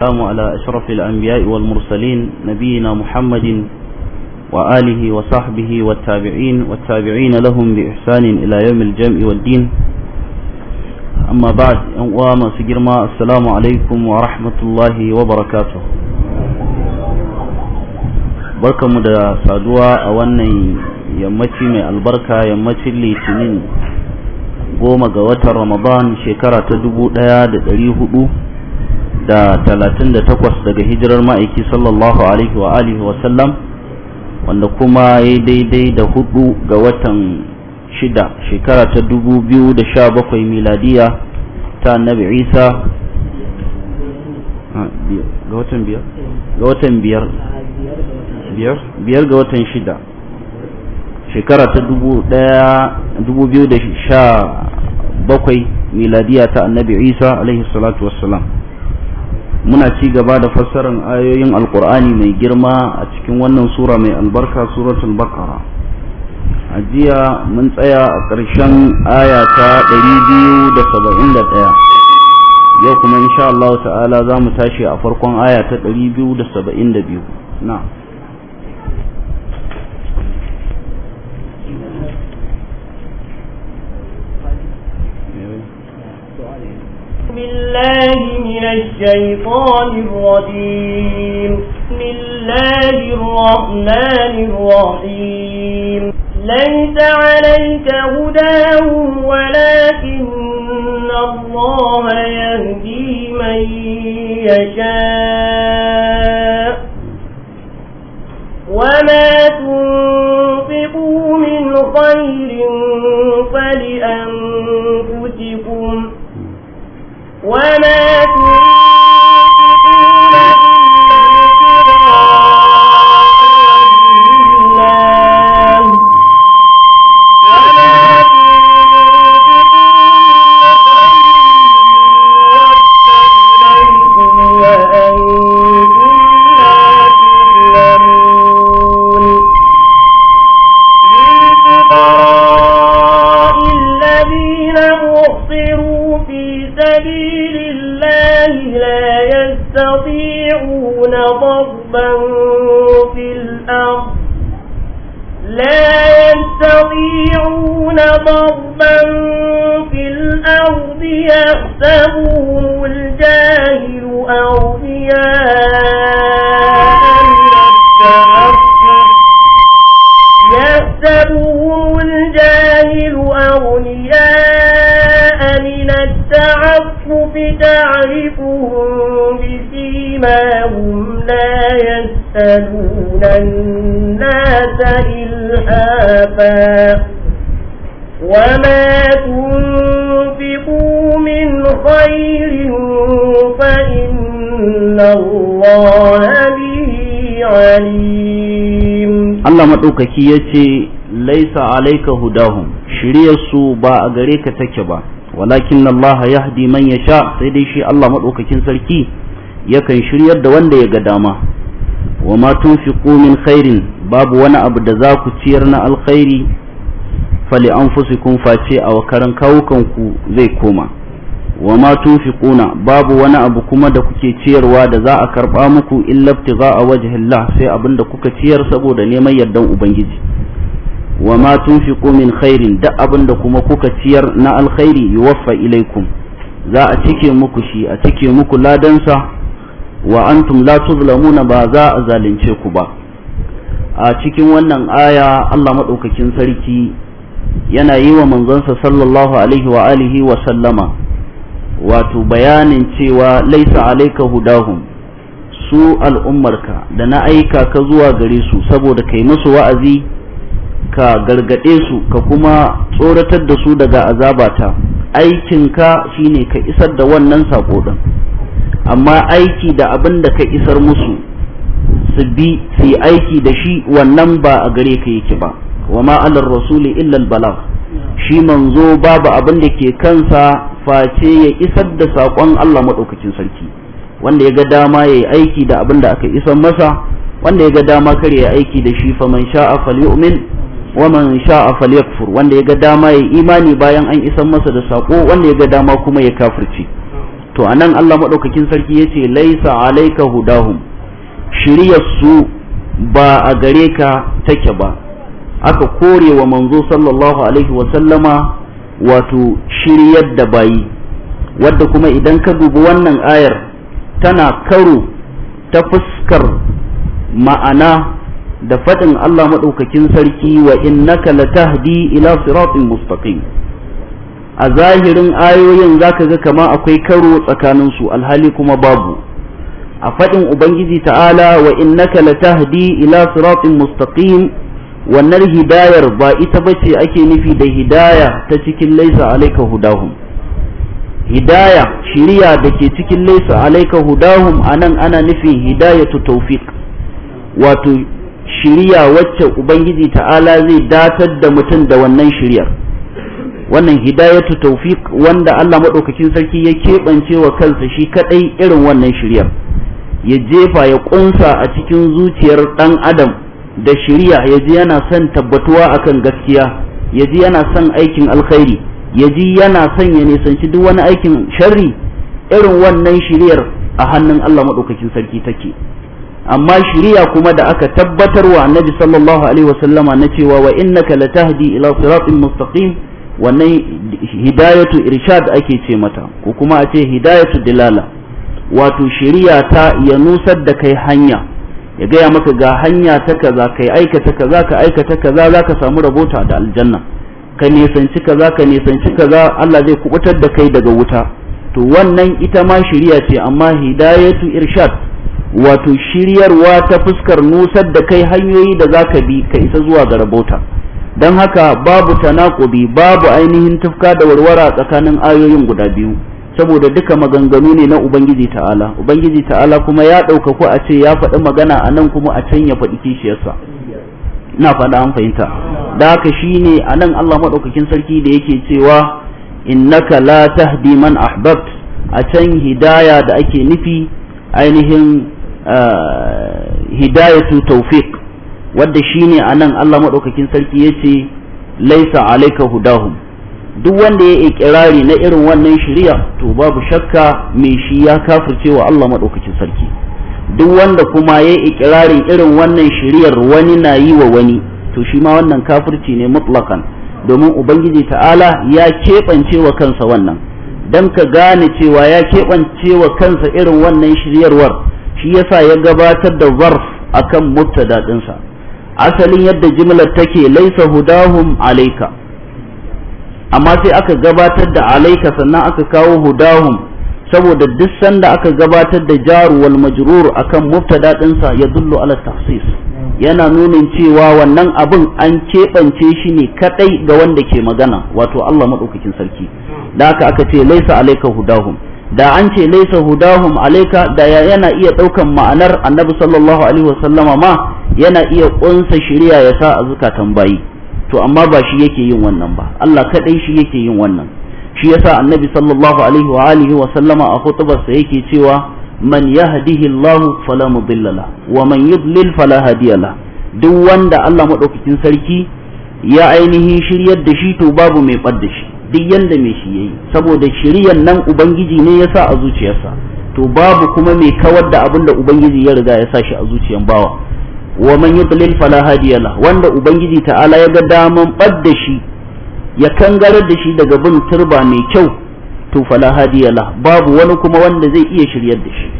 السلام على أشرف الأنبياء والمرسلين نبينا محمد وآله وصحبه والتابعين والتابعين لهم بإحسان إلى يوم الجمع والدين أما بعد وما سجرما السلام عليكم ورحمة الله وبركاته barka mu da saduwa a wannan yammaci mai albarka yammacin litinin goma ga watan ramadan shekara ta dubu ɗaya da ɗari hudu da talatin da takwas daga hijirar ma'aiki sallallahu alaihi wa alihi wasallam wanda kuma ya yi daidai da hudu ga watan shida shekara ta dubu biyu da sha bakwai miladiya ta annabi isa ga watan biyar ga watan biyar biyar ga watan shida shekara ta dubu daya dubu biyu da sha bakwai miladiya ta annabi isa alaihi salatu wassalam muna ci gaba da fassarar ayoyin alkur'ani mai girma a cikin wannan sura mai albarka suratul bakara a jiya mun tsaya a ƙarshen aya ta 271 yau kuma insha Allah ta'ala za mu tashi a farkon aya ta 272 na'am بالله من الشيطان الرجيم بسم الله الرحمن الرحيم ليس عليك هداهم ولكن الله يهدي من يشاء وما تنفقوا من خير فلأنفسكم وما تريد maɗaukaki ya ce laisa alaika hudahum shiryarsu ba a gare ka take ba walakin Allah yahdi man ya sha sai dai shi Allah maɗaukakin sarki yakan shiryar da wanda ya ga dama wa ma tunfiqu min khairin babu wani abu da za ku ciyar na alkhairi fali anfusikum face a kawukan ku zai koma wa ma tunfiquna babu wani abu kuma da kuke ciyarwa da za a karba muku illa waje wajhillah sai da kuka ciyar saboda neman yardan ubangiji wa ma tunfiqu min khairin da abinda kuma kuka ciyar na alkhairi yuwaffa ilaikum za a cike muku shi a cike muku ladansa wa antum la tuzlamuna ba za a zalunce ku ba a cikin wannan aya Allah madaukakin sarki yana yi wa manzonsa sallallahu alaihi wa alihi wa sallama wato bayanin cewa laisa alaika hudahum su al'ummarka da na aika ka zuwa gare su saboda kai musu wa'azi ka gargaɗe su ka kuma tsoratar da su daga azabata aikinka shine ka isar da wannan sako amma aiki da abin da ka isar musu su bi su yi aiki da shi wannan ba a gare ka yake ba wa ma'alar rasuli illa al balagh shi manzo babu abin da ke kansa face ya isar da saƙon Allah maɗaukacin sarki wanda ya ga dama ya aiki da abin da aka isar masa wanda ya ga dama kar ya aiki da shi faman sha'a falyu'min wa man sha'a falyakfur wanda ya ga dama ya imani bayan an isar masa da saƙo wanda ya ga dama kuma ya kafirci to anan Allah maɗaukakin sarki yace laisa alayka hudahum shiryar su ba a gare ka take ba aka kore wa manzo sallallahu alaihi wasallama wato shiryar da bayi wadda kuma idan ka dubi wannan ayar tana karo ta fuskar ma'ana da faɗin Allah maɗaukakin sarki wa innaka latahdi ila siratin mustaqim a zahirin ayoyin zaka ga kama akwai karo tsakanin su alhali kuma babu a faɗin ubangiji ta'ala wa innaka latahdi ila siratin mustaqim wannan hidayar ba ita bace ake nufi da hidaya ta cikin laisa alaika hudahum hidaya shiriya da ke cikin laisa alaika hudahum anan ana nufin hidayatu tawfiq wato shiriya wacce ubangiji ta'ala zai datar da mutum da wannan shiriyar wannan hidayatu tawfiq wanda Allah madaukakin sarki ya keɓance wa kansa shi kaɗai irin wannan shiriyar ya jefa ya ƙunsa a cikin zuciyar dan adam da shiriya yaji yana son tabbatuwa akan gaskiya yaji yana son aikin alkhairi yaji yana son ya nisanci duk wani aikin sharri irin wannan shiriyar a hannun Allah madaukakin sarki take amma shiriya kuma da aka tabbatarwa annabi sallallahu alaihi wasallama na cewa wa innaka latahdi ila siratin mustaqim wannan hidayatu irshad ake ce mata ko kuma a ce hidayatu dilala wato shiriya ta ya nusar da kai hanya ya gaya maka ga hanya ta kaza kai aikata kaza ka aikata kaza za samu rabota da aljanna ka nisanci kaza ka nisanci kaza Allah zai kubutar da kai daga wuta to wannan ita ma shiriya ce amma hidayatu irshad wato shiryarwa ta fuskar nusar da kai hanyoyi da zaka bi ka isa zuwa ga rabota dan haka babu tanakubi babu ainihin tufka da warwara tsakanin ayoyin guda biyu saboda duka maganganu ne na ubangiji ta'ala ubangiji ta'ala kuma ya ɗaukaku a ce ya faɗi magana a nan kuma a can ya faɗi kishiyarsa na faɗa an fahimta da haka ne a nan Allah maɗaukakin sarki da yake cewa innaka la tahdi man ahbabt a can hidaya da ake nufi ainihin eh, hidayatu tawfiq wadda shine a nan Allah maɗaukakin sarki ya ce laisa alaika hudahum duk wanda ya ikirari na irin wannan shari'a to babu shakka mai shi ya kafirce wa Allah madaukakin sarki duk wanda kuma ya ikirari irin wannan shari'ar wani na yi wa wani to shi ma wannan kafirci ne mutlakan domin ubangiji ta'ala ya keɓance wa kansa wannan dan ka gane cewa ya keɓance wa kansa irin wannan shiryarwar shi yasa ya gabatar da zarf akan mubtada dinsa asalin yadda jimlar take laisa hudahum alaika. amma sai aka gabatar da alaika sannan aka kawo hudahum saboda duk sanda aka gabatar da jaru wal majrur akan mubtada dinsa ya dullu ala tafsis yana nunin cewa wannan abin an keɓance shi ne kadai ga wanda ke magana wato Allah madaukakin sarki da aka aka ce laisa alaika hudahum da an ce laisa hudahum alaika da yana iya daukan ma'anar annabi sallallahu alaihi wasallama ma yana iya kunsa shiriya ya sa a zukatan bayi to amma ba shi yake yin wannan ba Allah kadai shi yake yin wannan shi yasa annabi sallallahu alaihi wa alihi wa sallama a hutubarsa yake cewa man yahdihi Allah fala mudilla wa man yudlil fala hadiya duk wanda Allah madaukakin sarki ya ainihi shiryar da shi to babu mai bar da shi duk yanda mai shi yayi saboda shiryan nan ubangiji ne yasa a zuciyarsa to babu kuma mai kawar da abin da ubangiji ya riga ya sa shi a zuciyar bawa wa man yudlil fala hadiya la wanda ubangiji ta'ala ya ga daman badda shi ya kangarar da shi daga bin turba mai kyau to fala hadiya la babu wani kuma wanda zai iya shiryar da shi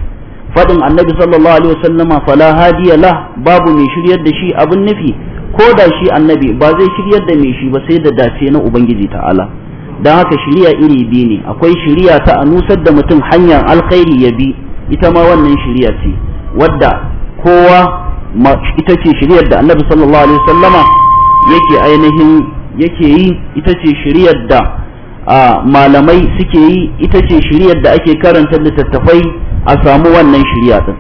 fadin annabi sallallahu alaihi wasallama fala hadiya la babu mai shiryar da shi abin nufi ko da shi annabi ba zai shiryar da mai shi ba sai da dace na ubangiji ta'ala dan haka shiriya iri biyu ne akwai shiriya ta anusar da mutum hanyar alkhairi ya bi ita ma wannan shiriya ce wadda kowa ita ce shiryar da annabi sallallahu alaihi wasallama yake ainihin yake yi ita ce shiryar da malamai suke yi ita ce shiryar da ake karanta littattafai a samu wannan shirya din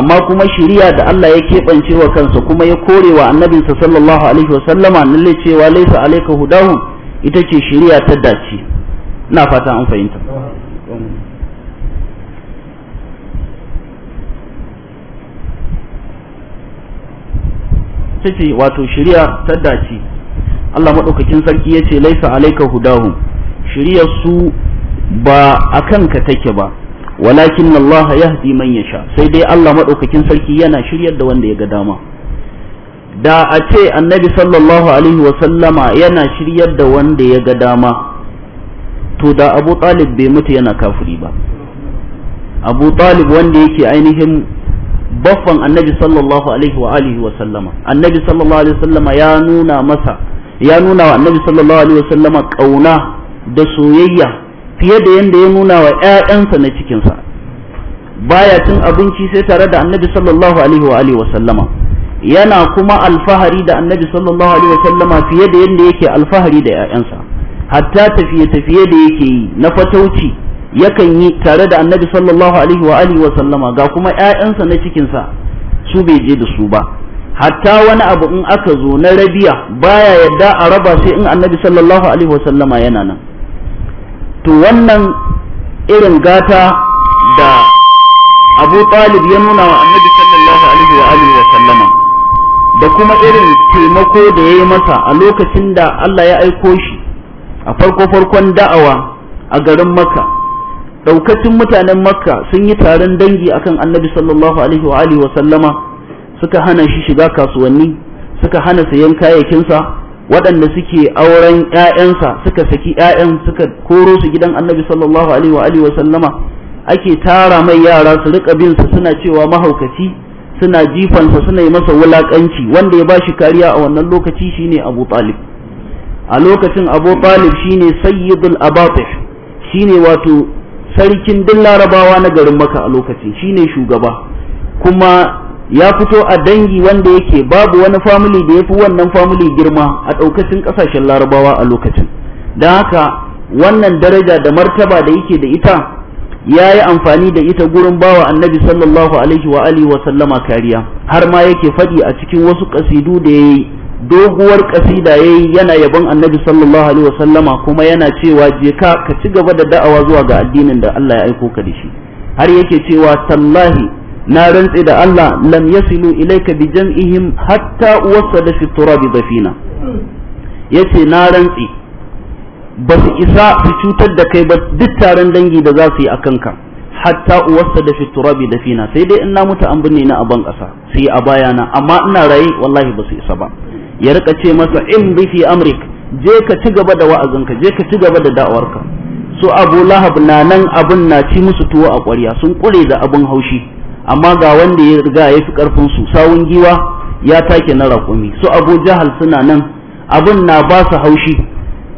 amma kuma shirya da Allah ya keɓance wa kansa kuma ya korewa wa annabinsa sallallahu alaihi wasallama lalle cewa laisa alaika hudahu ita ce shirya ta dace ina fata an fahimta ita ce wato shari'a ta dace Allah madaukakin sarki ya yace laisa alayka hudahu shari'ar su ba akan ka take ba walakin Allah yahdi man yasha sai dai Allah madaukakin sarki yana shiryar da wanda ya ga dama da a ce annabi sallallahu alaihi wa sallama yana shiryar da wanda ya ga dama to da abu talib bai mutu yana kafuri ba abu talib wanda yake ainihin baffan annabi sallallahu alaihi wa alihi wa sallama annabi sallallahu alaihi wa sallama ya nuna masa ya nuna wa annabi sallallahu alaihi wa sallama kauna da soyayya fiye da yanda ya nuna wa ƴaƴansa na cikinsa baya cin abinci sai tare da annabi sallallahu alaihi wa alihi wa sallama yana kuma alfahari da annabi sallallahu alaihi wa sallama fiye da yanda yake alfahari da ƴaƴansa hatta tafiye tafiye da yake yi na fatauci yakan yi tare da annabi sallallahu alaihi wa alihi wa sallama ga kuma ƴaƴansa na cikinsa su bai je da su ba hatta wani abu in aka zo na rabiya baya yadda a raba sai in annabi sallallahu alaihi wa sallama yana nan to wannan irin gata da abu talib ya nuna wa annabi sallallahu alaihi wa alihi wa sallama da kuma irin taimako da ya yi masa a lokacin da Allah ya aiko shi a farko farkon da'awa a garin Makka daukacin mutanen makka sun yi taron dangi akan annabi sallallahu alaihi wa alihi wa sallama suka hana shi shiga kasuwanni suka hana sayan kayayyakinsa waɗanda suke auren ƴaƴansa suka saki ƴaƴan suka koro su gidan annabi sallallahu alaihi wa alihi wa sallama ake tara mai yara su rika bin suna cewa mahaukaci suna jifansa suna yi masa wulakanci wanda ya bashi kariya a wannan lokaci shine Abu Talib a lokacin Abu Talib shine sayyidul abatih shine wato sarkin duk larabawa na garin maka a lokacin shine shugaba kuma ya fito a dangi wanda yake babu wani famili da ya fi wannan famili girma a ɗaukacin ƙasashen larabawa a lokacin don haka wannan daraja da martaba da yake da ita ya yi amfani da ita gurin bawa annabi sallallahu alaihi wa alihi wa sallama kariya har ma yake faɗi a cikin wasu ƙasidu da ya yi doguwar kasida yayi yana yabon annabi sallallahu alaihi wasallama kuma yana cewa je ka ka ci gaba da da'awa zuwa ga addinin da Allah ya aiko ka da shi har yake cewa tallahi na rantsi da Allah lam yasilu ilayka bi jam'ihim hatta wasada fi turabi dafina yace na rantse ba su isa su cutar da kai ba duk taron dangi da za su yi a kanka hatta uwarsa da fiturabi da fina sai dai in na mutu an binne na a ban kasa sai yi a bayana amma ina raye wallahi ba su isa ba ya rika ce masa in bi fi amrik je ka ci gaba da wa'azinka je ka ci gaba da da'awarka su abu lahab na nan abin na ci musu tuwo a ƙwarya sun ƙure da abin haushi amma ga wanda ya riga ya fi ƙarfin su sawun giwa ya take na raƙumi su abu jahal suna nan abun na ba su haushi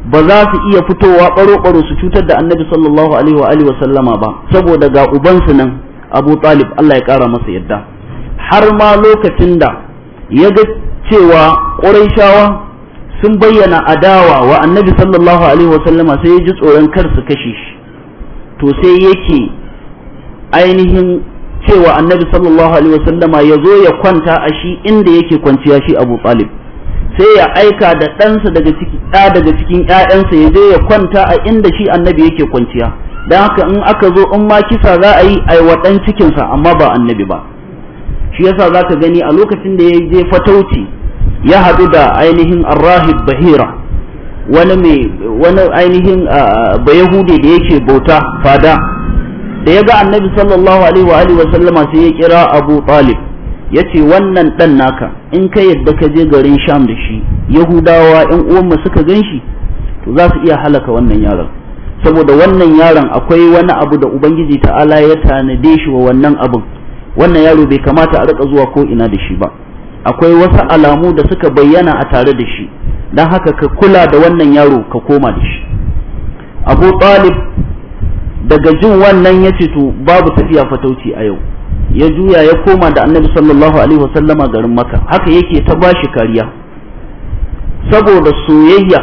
ba za su iya fitowa ɓaro-ɓaro su cutar da annabi sallallahu alaihi wa wa sallama ba saboda ga ubansu nan abu talib allah ya ƙara masa yadda har ma lokacin da ya ga cewa ƙuraishawa sun bayyana adawa wa annabi sallallahu alaihi wasallama sai ya ji tsoron kar kashe shi to sai yake ainihin cewa annabi sallallahu alaihi wasallama ya zo ya kwanta a shi inda yake kwanciya shi abu talib sai ya aika da ɗansa daga ciki ɗa daga cikin ƴaƴansa ya zo ya kwanta a inda shi annabi yake kwanciya don haka in aka zo in ma kisa za a yi aiwaɗan cikinsa amma ba annabi ba shi yasa ka gani a lokacin da ya je fatauci ya haɗu da ainihin arrahib bahira wani mai wani ainihin bayahude da yake bauta fada da ya ga annabi sallallahu alaihi wa alihi wa sallama sai ya kira abu talib ya ce wannan ɗan naka in ka yadda ka je garin sham da shi yahudawa yan uwanmu suka gan shi to za su iya halaka wannan yaron saboda wannan yaron akwai wani abu da ubangiji ta'ala ya tanade shi wa wannan abin wannan yaro bai kamata a rika zuwa ko ina da shi ba akwai wasu alamu da suka bayyana a tare da shi don haka ka kula da wannan yaro ka koma da shi abu talib daga jin wannan ya ce to babu tafiya fatauci a yau ya juya ya koma da annabi sallallahu alaihi wasallama garin maka haka yake ta bashi kariya saboda soyayya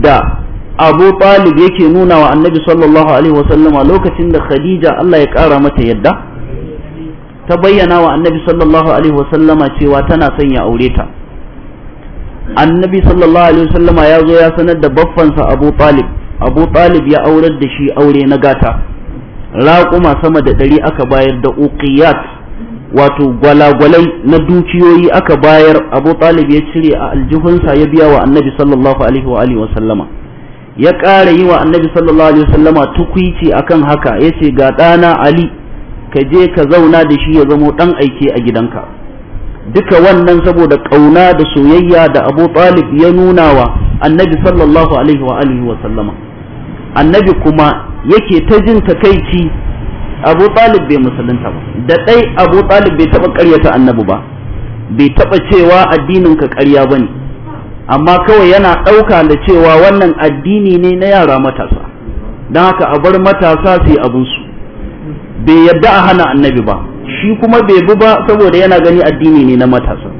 da abu talib yake nuna wa annabi sallallahu alaihi wasallama lokacin da khadija allah ya kara mata yadda ta bayyana wa annabi sallallahu alaihi wasallama cewa tana son ya aure ta annabi sallallahu alaihi wasallama ya zo ya sanar da baffansa abu talib abu talib ya aurar da shi aure na gata raƙuma sama da ɗari aka bayar da uqiyat wato gwalagwalai na dukiyoyi aka bayar abu talib ya cire a aljihunsa ya biya wa annabi sallallahu alaihi wa alihi wasallama ya ƙara yi wa annabi sallallahu alaihi wasallama tukwici akan haka ya ce ga ɗana ali ka je ka zauna da shi ya zamo ɗan aike a gidanka duka wannan saboda ƙauna da soyayya da abu talib ya nuna wa annabi sallallahu alaihi wa alihi wa sallama annabi kuma yake ta jin takaici abu talib bai musulunta ba da ɗai abu talib bai taɓa ƙaryata annabi ba bai taɓa cewa addininka ka ƙarya ba ne amma kawai yana ɗauka da cewa wannan addini ne na yara matasa don haka a bar matasa su yi abinsu bai yadda a hana annabi ba shi kuma bai bi ba saboda yana gani addini ne na matasa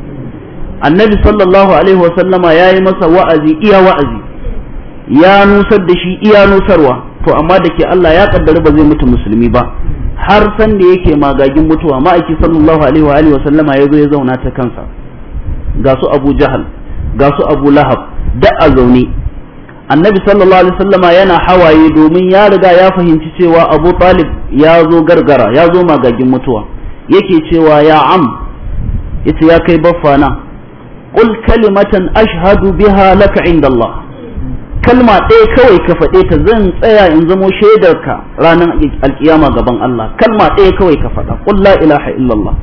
annabi sallallahu alaihi wasallama ya yi masa wa'azi iya wa'azi ya nusar da shi iya nusarwa to amma da ke Allah ya kaddara ba zai mutu musulmi ba har san da yake magagin mutuwa ma'aiki sallallahu alaihi wa alihi wasallama ya zo ya zauna ta kansa ga su Abu Jahal ga su Abu Lahab da a zaune annabi sallallahu alaihi wasallama yana hawaye domin ya riga ya fahimci cewa abu talib ya zo gargara ya zo magagin mutuwa yake cewa ya am yace ya kai baffana qul kalimatan ashhadu biha laka inda Allah kalma ɗaya kawai ka faɗe ta zan tsaya in zamo shaidarka ranar alkiyama gaban Allah kalma ɗaya kawai ka faɗa qul la ilaha illallah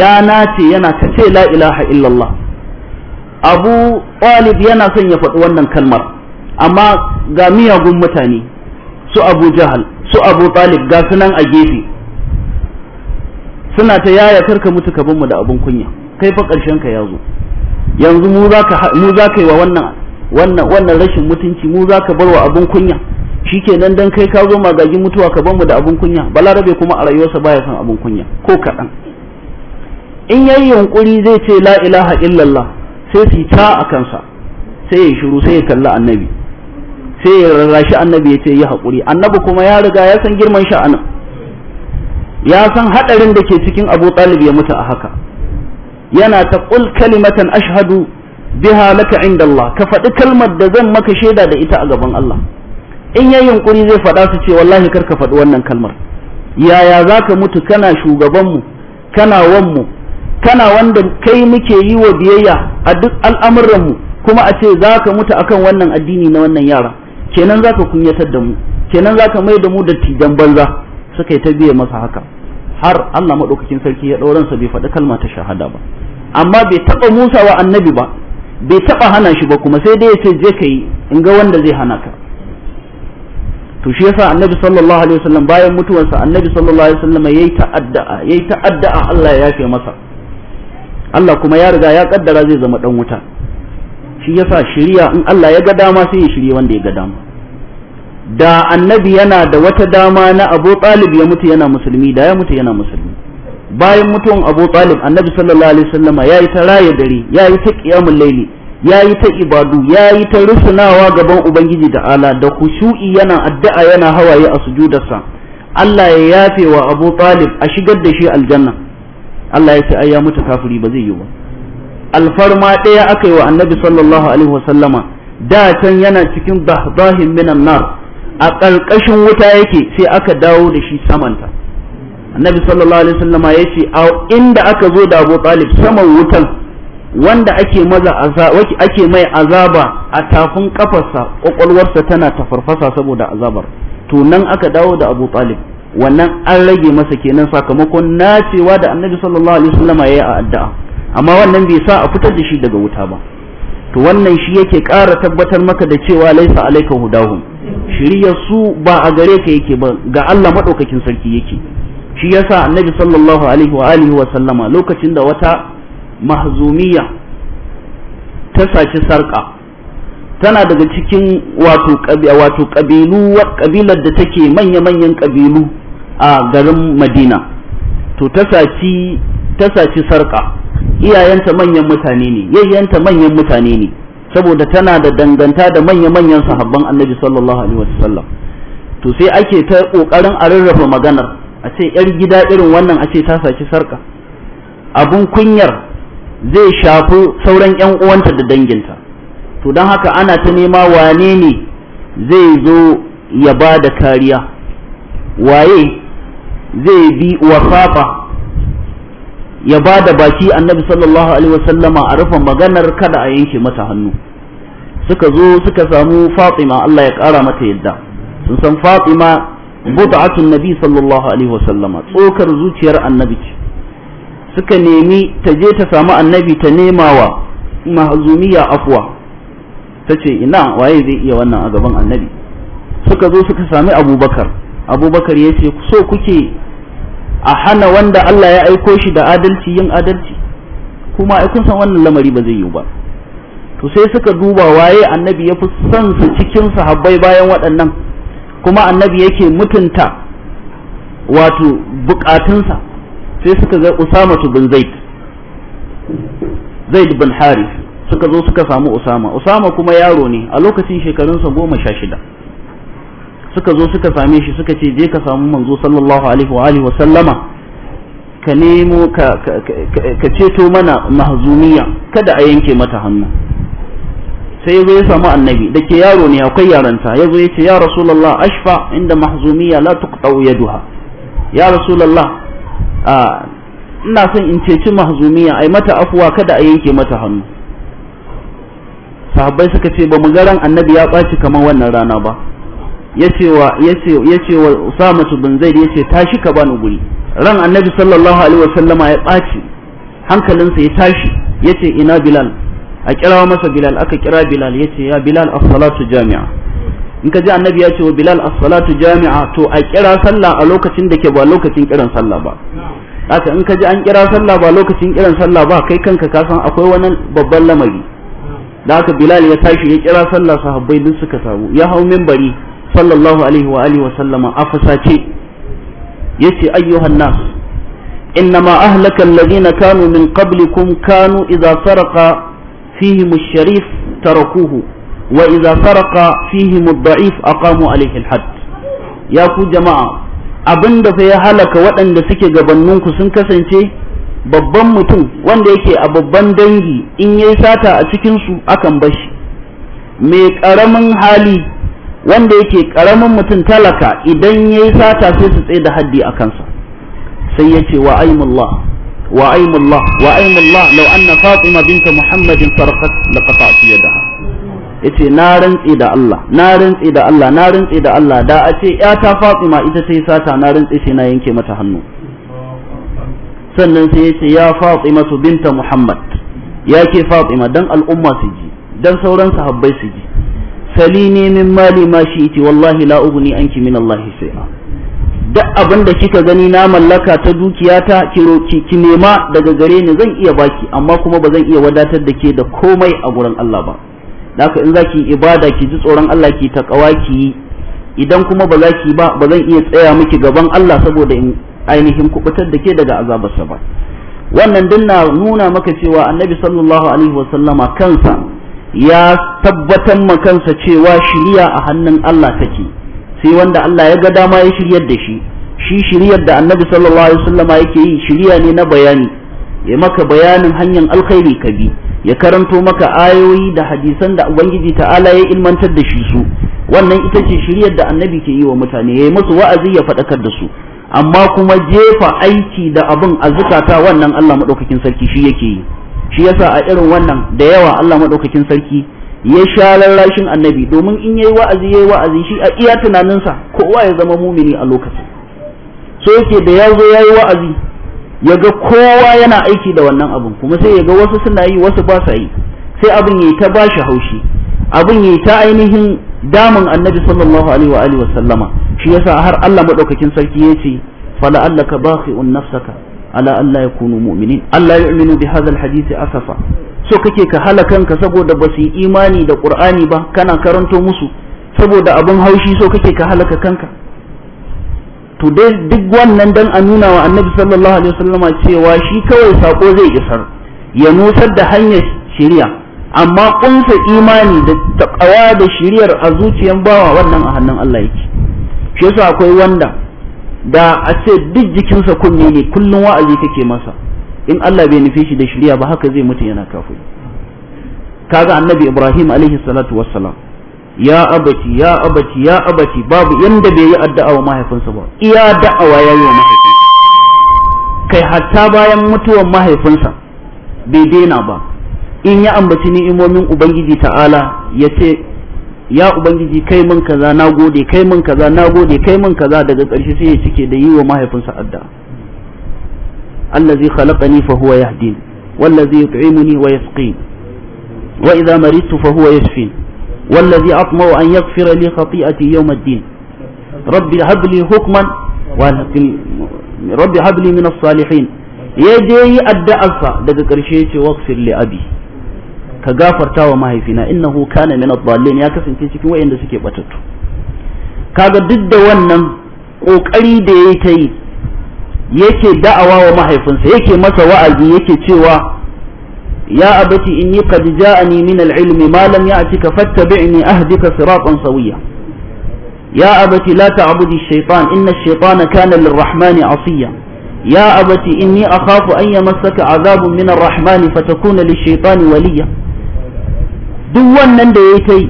ya nace yana kace la ilaha illallah abu ɗalib yana son ya faɗi wannan kalmar amma ga miyagun mutane su abu jahal su abu ɗalib ga sunan a gefe suna ta yaya karka mutu ka mu da abin kunya kai fa ƙarshen ka ya yanzu mu za ka yi wa wannan wannan wannan rashin mutunci mu za ka bar wa abin kunya shikenan dan kai ka zo magagin mutuwa ka bar mu da abin kunya balarabe kuma a rayuwarsa baya son abin kunya ko kaɗan in yayi yunkuri zai ce la ilaha illallah sai su yi ta a kansa sai ya shiru sai ya kalli annabi sai ya rarrashi annabi ya ce yi haƙuri annabi kuma ya riga ya san girman sha'anin ya san haɗarin da ke cikin abu ɗalib ya mutu a haka yana ta ƙul kalimatan ashadu biha laka inda Allah ka faɗi kalmar da zan maka shaida da ita a gaban Allah in ya yunƙuri zai faɗa su ce wallahi kar ka faɗi wannan kalmar yaya za ka mutu kana shugabanmu kana wanmu kana wanda kai muke yi wa biyayya a duk al'amuranmu kuma a ce za ka mutu akan wannan addini na wannan yara kenan za ka kunyatar da mu kenan za ka mai da mu da tijan banza suka yi ta biye masa haka har Allah maɗaukakin sarki ya sa bai faɗi kalma ta shahada ba amma bai taɓa musa wa annabi ba bai taɓa hana shi ba kuma sai dai ya ce je ka yi in ga wanda zai hana ka to shi yasa annabi sallallahu alaihi wasallam bayan mutuwarsa annabi sallallahu alaihi wasallam yayi ta'adda yayi ta'adda Allah ya yafe masa Allah kuma ya riga ya kaddara zai zama dan wuta shi yasa shiriya in Allah ya ga dama sai ya shirye wanda ya ga dama da annabi yana da wata dama na Abu Talib ya mutu yana musulmi da ya mutu yana musulmi bayan mutuwan Abu Talib annabi sallallahu alaihi wasallama yayi ta raye dare yayi ta qiyamul layli yayi ta ibadu yayi ta rusunawa gaban ubangiji da ala da khushu'i yana addu'a yana hawaye a sujudarsa Allah ya yafe wa Abu Talib a shigar da shi aljanna Allah ya ce ai ya mutu kafiri ba zai yi ba alfarma ɗaya aka yi wa annabi sallallahu alaihi wasallama da can yana cikin dahdahin minan nar a ƙarƙashin wuta yake sai aka dawo da shi samanta annabi sallallahu alaihi wasallama ya ce a inda aka zo da abu talib saman wutan wanda ake maza ake mai azaba a tafin kafarsa kwakwalwarsa tana tafarfasa saboda azabar to nan aka dawo da abu talib wannan an rage masa kenan sakamakon nacewa da annabi sallallahu alaihi wasallam ya yi a addu'a amma wannan bai sa a fitar da shi daga wuta ba to wannan shi yake ƙara tabbatar maka da cewa laisa alaika hudahum shiriyar su ba a gare ka yake ba ga Allah madaukakin sarki yake shi yasa annabi sallallahu alaihi wa alihi wa lokacin da wata mahzumiya ta saci sarka tana daga cikin wato wato kabilar da take manya-manyan kabilu a garin madina to ta saci ta sarka iyayenta manyan mutane ne yayyanta manyan mutane ne saboda tana da danganta da manya-manyan sahabban annabi sallallahu alaihi wasallam to sai ake ta kokarin a rarrafa maganar a ce yar gida irin wannan a ce ta saci sarka abun kunyar zai shafi sauran yan uwanta da danginta to don haka ana ta nema wane ne zai zo ya ba da kariya waye zai bi wasafa ya ba da baki annabi sallallahu alaihi wasallama a rufe maganar kada a yanke mata hannu suka zo suka samu fatima Allah ya kara mata yadda sun san fatima bud'atun nabi sallallahu alaihi wasallama tsokar zuciyar annabi ce suka nemi ta je ta samu annabi ta nemawa mahzumiya afwa ta ina waye zai iya wannan a gaban annabi suka zo suka sami abubakar abubakar ya ce so kuke a hana wanda Allah ya aiko shi da adalci yin adalci kuma ai kun san wannan lamari ba zai yi ba to sai suka duba waye annabi ya fi son su cikin sahabbai bayan waɗannan kuma annabi yake mutunta wato bukatunsa sai suka ga Usama bin Zaid Zaid bin Harith suka zo suka samu Usama Usama kuma yaro ne a lokacin shekarunsa goma sha shida suka zo suka same shi suka ce je ka samu manzo sallallahu alaihi wa alihi wa sallama ka nemo ka ceto mana mahzumiya kada a yanke mata hannu sai yazo ya samu annabi da ke yaro ne akwai yaranta yazo ya ce ya rasulullah ashfa inda mahzumiya la tuqta'u yaduha ya rasulullah ina son in ceci mahzumiya ai mata afuwa kada a yanke mata hannu sahabbai suka ce ba mu garan annabi ya ɓaci kamar wannan rana ba ya ce wa usamatu bin zaid ya ce tashi ka bani guri ran annabi sallallahu alaihi wasallama ya ɓaci hankalinsa ya tashi ya ce ina bilal a kirawa masa bilal aka kira bilal ya ce ya bilal as-salatu jami'a in ka ji annabi ya ce wa bilal as-salatu jami'a to a kira sallah a lokacin da ke ba lokacin kiran sallah ba haka in ka ji an kira sallah ba lokacin kiran sallah ba kai kanka ka san akwai wani babban lamari da haka bilal ya tashi ya kira sallah sahabbai duk suka samu ya hau minbari sallallahu alaihi wa alihi wa sallama a fasace yace ayyuhan nas innama ahlaka alladhina kanu min qablikum kanu idza saraqa fihim ash-sharif tarakuhu wa idza saraqa fihim ad-da'if aqamu alaihi al ya ku jama'a abinda fa ya halaka waɗanda suke gabaninku sun kasance babban mutum wanda yake a babban dangi in yayi sata a cikin su akan bashi mai ƙaramin hali wanda yake karamin mutum talaka idan ya yi sata sai su tsaye da haddi a kansa sai ya ce wa aimullah wa aimullah wa aimullah law anna fatima binta muhammadin da sarqat laqata'at yadaha yace na rantsi da Allah na rantsi da Allah na rantsi da Allah da a ce ta fatima ita sai sata na rantsi sai na yanke mata hannu sannan sai ya yace ya fatima binta muhammad ya ke fatima dan al'umma su ji dan sauran sahabbai su ji salini min mali ma shi iti wallahi la ne anki min Allah sai'a duk abin da kika gani na mallaka ta dukiya dukiyata ki nema daga gare ni zan iya baki amma kuma ba iya wadatar da ke da komai a gurin Allah ba da haka in zaki ki ibada ki ji tsoron Allah ki takawa ki yi idan kuma ba za ba ba zan iya tsaya miki gaban Allah saboda in ainihin kubutar da ke daga azabarsa ba wannan dinna na nuna maka cewa annabi sallallahu alaihi wasallama kansa ya tabbatar ma kansa cewa shiriya a hannun Allah take sai wanda Allah ya ga dama ya shiryar da shi shi shiryar da annabi sallallahu alaihi wasallama yake yi shiriya ne na bayani ya maka bayanin hanyar alkhairi ka bi ya karanto maka ayoyi da hadisan da ubangiji ta'ala ya ilmantar da shi su wannan ita ce shiryar da annabi ke yi wa mutane ya yi musu wa'azi ya faɗakar da su amma kuma jefa aiki da abin a zukata wannan Allah maɗaukakin sarki shi yake yi shi yasa a irin wannan da yawa Allah madaukakin sarki ya sha rarrashin annabi domin in yayi wa'azi yayi wa'azi shi a iya tunaninsa kowa ya zama mumini a lokacin so yake da ya zo yayi wa'azi ya ga kowa yana aiki da wannan abun kuma sai ya ga wasu suna yi wasu ba sa yi sai abin yayi ta bashi haushi abin yayi ta ainihin damun annabi sallallahu alaihi wa alihi wa sallama shi yasa har Allah madaukakin sarki yace fala allaka bakhi'un nafsaka ala Allah ya kunu mu'minin Allah ya yu'minu bi hadha hadisi asafa so kake ka halakanka saboda ba su yi imani da Qur'ani ba kana karanto musu saboda abin haushi so kake ka halaka kanka to duk wannan dan a nuna wa Annabi sallallahu alaihi wasallama cewa shi kawai sako zai isar ya nusar da hanyar shirya amma ƙunsa imani da takawa da shiryar a zuciyan bawa wannan a hannun Allah yake shi yasa akwai wanda da a ce duk jikinsa kunne ne kullum wa'azi kake masa in Allah bai nufi shi da shirya ba haka zai mutu yana kafiri kaga annabi Ibrahim alaihi salatu wassalam ya abati ya abati ya abati babu yanda bai yi addu'a wa mahaifinsa ba iya da'awa ya yi wa mahaifinsa kai hatta bayan mutuwar mahaifinsa bai daina ba in ya ambaci ni'imomin ubangiji ta'ala ya ce ya ubangiji kai min kaza na gode kai min kaza na gode kai min kaza daga ƙarshe sai ya cike da yi wa mahaifinsa adda allazi khalaqani fa huwa yahdin wallazi yut'imuni wa yasqin wa idza maridtu fa huwa yashfin wallazi atma'u an yaghfira li khati'ati yawm ad-din rabbi hab li hukman wa rabbi hab li min as-salihin ya je yi addu'arsa daga ƙarshe ya ce waqfir li abi ka gafarta wa mahaifina innahu kana min ad-dallin ya kasance cikin wayanda suke batattu kaga duk da wannan kokari da yayi ta yake da'awa wa mahaifinsa yake masa wa'azi yake cewa ya abati inni qad ja'ani min al-ilmi ma lam ya'tika fattabi'ni ahdika siratan sawiyya يا أبت لا تعبدي الشيطان إن الشيطان كان للرحمن عصيا يا أبت إني أخاف أن يمسك عذاب من الرحمن فتكون للشيطان وليا duk wannan da ya ta yi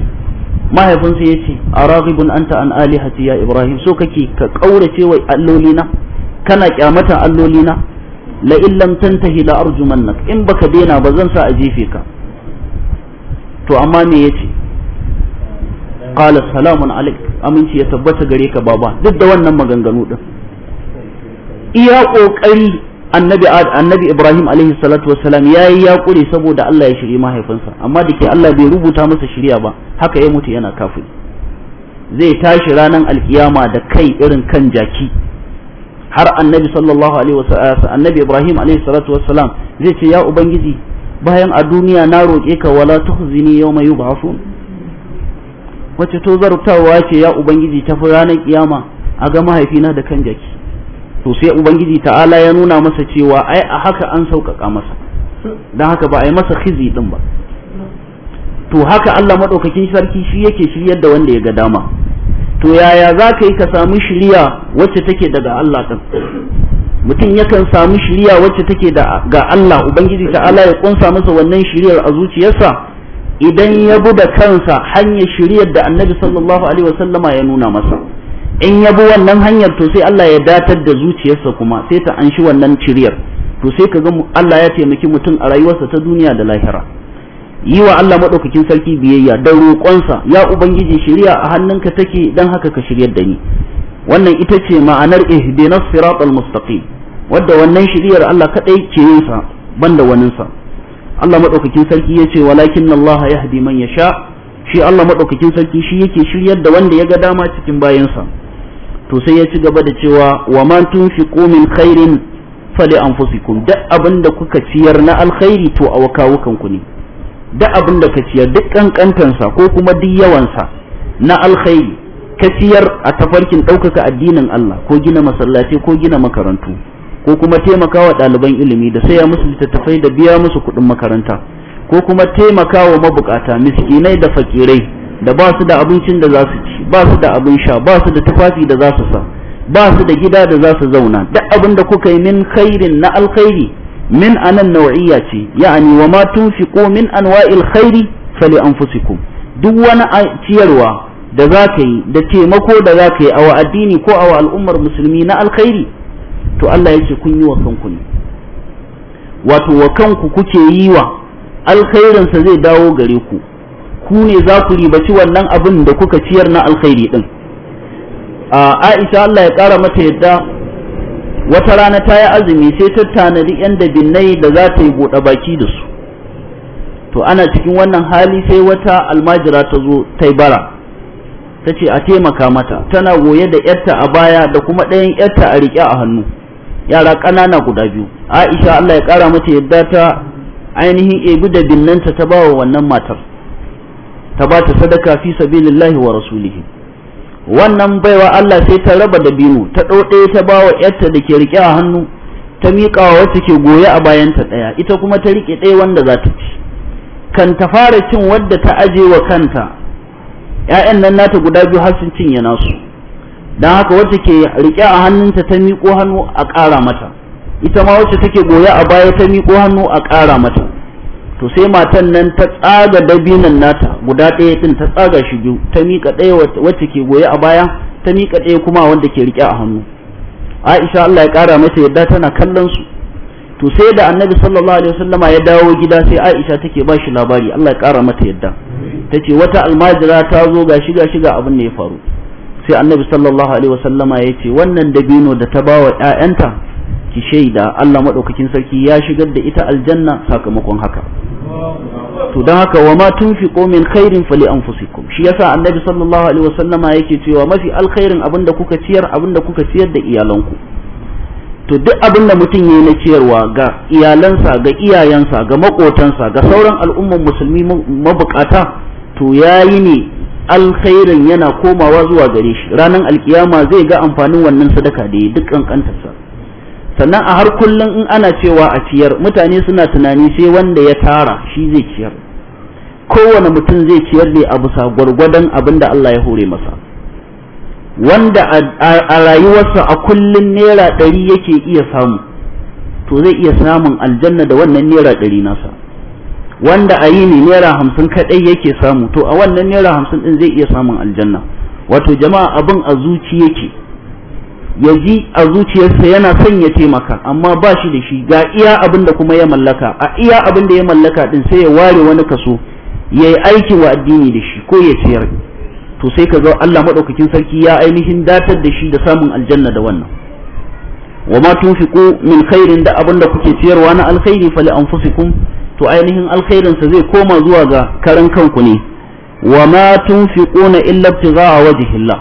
mahaifinsa ya ce a raghibun anta an alihati ya ibrahim so kake ka ƙaurace wa allolina kana kyamatan allolina la illam tantahi la arjumannak in baka daina ba zan sa a jefe ka to amma me ce? qala salamun alaik aminci ya tabbata gare ka baba duk da wannan maganganu din iya kokari annabi annabi Ibrahim alaihi salatu wassalam yayi ya kure saboda Allah ya shirye mahaifinsa amma dake Allah bai rubuta masa shiriya ba haka ya mutu yana kafiri zai tashi ranar alkiyama da kai irin kan jaki har annabi sallallahu alaihi wasallam eh, annabi Ibrahim alaihi salatu wassalam zai ce ya ubangiji bayan a duniya na roƙe ka wala tuhzini yawma yub'athun wace to zartawa ce ya ubangiji ta ranar kiyama a ga mahaifina da kan jaki to sai ubangiji ta'ala ya nuna masa cewa ai a haka an sauƙaƙa masa don haka ba a yi masa khizi din ba to haka Allah maɗaukakin sarki shi yake shiryar da wanda ya ga dama to yaya za ka yi ka samu shiriya wacce take daga Allah ɗin mutum yakan samu shirya wacce take ga Allah Ubangiji ta'ala ya kunsa masa wannan shiriyar a zuciyarsa idan ya bi da kansa hanyar shiriyar da annabi sallallahu alaihi wasallama ya nuna masa in ya bi wannan hanyar to sai Allah ya datar da zuciyarsa kuma sai ta anshi wannan ciriyar to sai ka ga Allah ya taimaki mutum a rayuwarsa ta duniya da lahira yi wa Allah maɗaukakin sarki biyayya da roƙonsa ya ubangiji shiriya a hannunka take don haka ka shiryar da ni wannan ita ce ma'anar ihdinas siratal mustaqim wadda wannan shiriyar Allah kaɗai ke yin sa banda wanin sa Allah madaukakin sarki yace walakin Allah yahdi man yasha shi Allah madaukakin sarki shi yake shiryar da wanda ya ga dama cikin bayansa to sai ya ci gaba da cewa wa man tunfiqu min khairin fali anfusikum duk abin da kuka ciyar na alkhairi to a wakawukan ku ne duk abin da ka ciyar duk kankantansa ko kuma duk yawansa na alkhairi ka ciyar a tafarkin ɗaukaka addinin Allah ko gina masallaci ko gina makarantu ko kuma taimakawa ɗaliban ilimi da saya musu littattafai da biya musu kuɗin makaranta ko kuma taimakawa mabukata miskinai da fakirai da ba su da abincin da za su ci ba su da abin sha ba su da tufafi da za su sa ba su da gida da za su zauna duk abin da kuka yi min khairin na alkhairi min anan nau'iyya ce ya'ani wa ma tunfiqu min anwa'il khairi fali anfusikum duk wani ciyarwa da za ka yi da taimako da za ka yi a wa addini ko a wa al'ummar musulmi na alkhairi to Allah yake kun yi wa kanku ne wato wa kanku kuke yi wa sa zai dawo gare ku ku ne za ku ribaci wannan abin da kuka ciyar na alkhairi din a Aisha Allah ya ƙara mata yadda wata rana ta yi azumi sai ta tanadi yan da binnai da za ta yi buɗe baki da su to ana cikin wannan hali sai wata almajira ta zo ta yi bara ta ce a taimaka mata tana goye da yarta a baya da kuma ɗayan yarta a riƙe a hannu yara ƙanana guda biyu aisha allah ya ƙara mata yadda ta ainihin ebi da binnanta ta ba wa wannan matar ta ba ta sadaka fi sabilillahi wa rasulihi wannan baiwa Allah sai ta raba da biyu ta ɗauɗe ta ba wa yarta da ke riƙe a hannu ta miƙa wa wacce ke goye a bayanta ɗaya ita kuma ta riƙe ɗaya wanda za ta ci kan ta fara cin wadda ta aje wa kanta ‘ya'yan nan nata guda biyu har sun cinye nasu don haka wacce ke riƙe a hannunta ta miƙo hannu a ƙara mata ita ma wacce take goye a baya ta miko hannu a ƙara mata to sai matan nan ta tsaga dabinan nata guda ɗaya din ta tsaga shi biyu ta miƙa ɗaya wacce ke goye a baya ta miƙa ɗaya kuma wanda ke riƙe a hannu Aisha Allah ya ƙara mata yadda tana kallon su to sai da Annabi sallallahu alaihi wasallama ya dawo gida sai Aisha take ba shi labari Allah ya ƙara mata yadda tace wata almajira ta zo ga shiga shiga abin da ya faru sai Annabi sallallahu alaihi wasallama ya ce wannan dabino da ta bawa ƴaƴanta ki shaida Allah madaukakin sarki ya shigar da ita aljanna sakamakon haka to don haka wa ma tunfiqu min khairin fali anfusikum shi yasa annabi sallallahu alaihi wasallama yake cewa mafi alkhairin abinda kuka ciyar abinda kuka ciyar da iyalanku to duk abin da mutum yayi na ciyarwa ga iyalansa ga iyayensa ga makotansa ga sauran al'umman musulmi mabukata to yayi ne alkhairin yana komawa zuwa gare shi ranar alkiyama zai ga amfanin wannan sadaka da ya duk kankantarsa sannan a har kullum in ana cewa a ciyar mutane suna tunani sai wanda ya tara shi zai ciyar kowane mutum zai ciyar ne a bisa gwargwadon abin da Allah ya hore masa wanda a rayuwarsa a kullum naira ɗari yake iya samu to zai iya samun aljanna da wannan naira ɗari nasa wanda a yi ne naira hamsin kaɗai yake samu to a wannan naira hamsin ɗin zai iya samun aljanna wato jama'a abin a zuci yake ya ji a zuciyarsa yana son ya taimaka amma ba shi da shi ga iya abin da kuma ya mallaka a iya abin da ya mallaka din sai ya ware wani kaso ya yi aiki wa addini da shi ko ya sayar to sai ka ga Allah madaukakin sarki ya ainihin datar da shi da samun aljanna da wannan wa ma tunfiqu min khairin da abin da kuke ciyarwa na alkhairi fali anfusikum to ainihin alkhairin sa zai koma zuwa ga karan kanku ne wa ma tunfiquna illa ibtigha'a wajhillah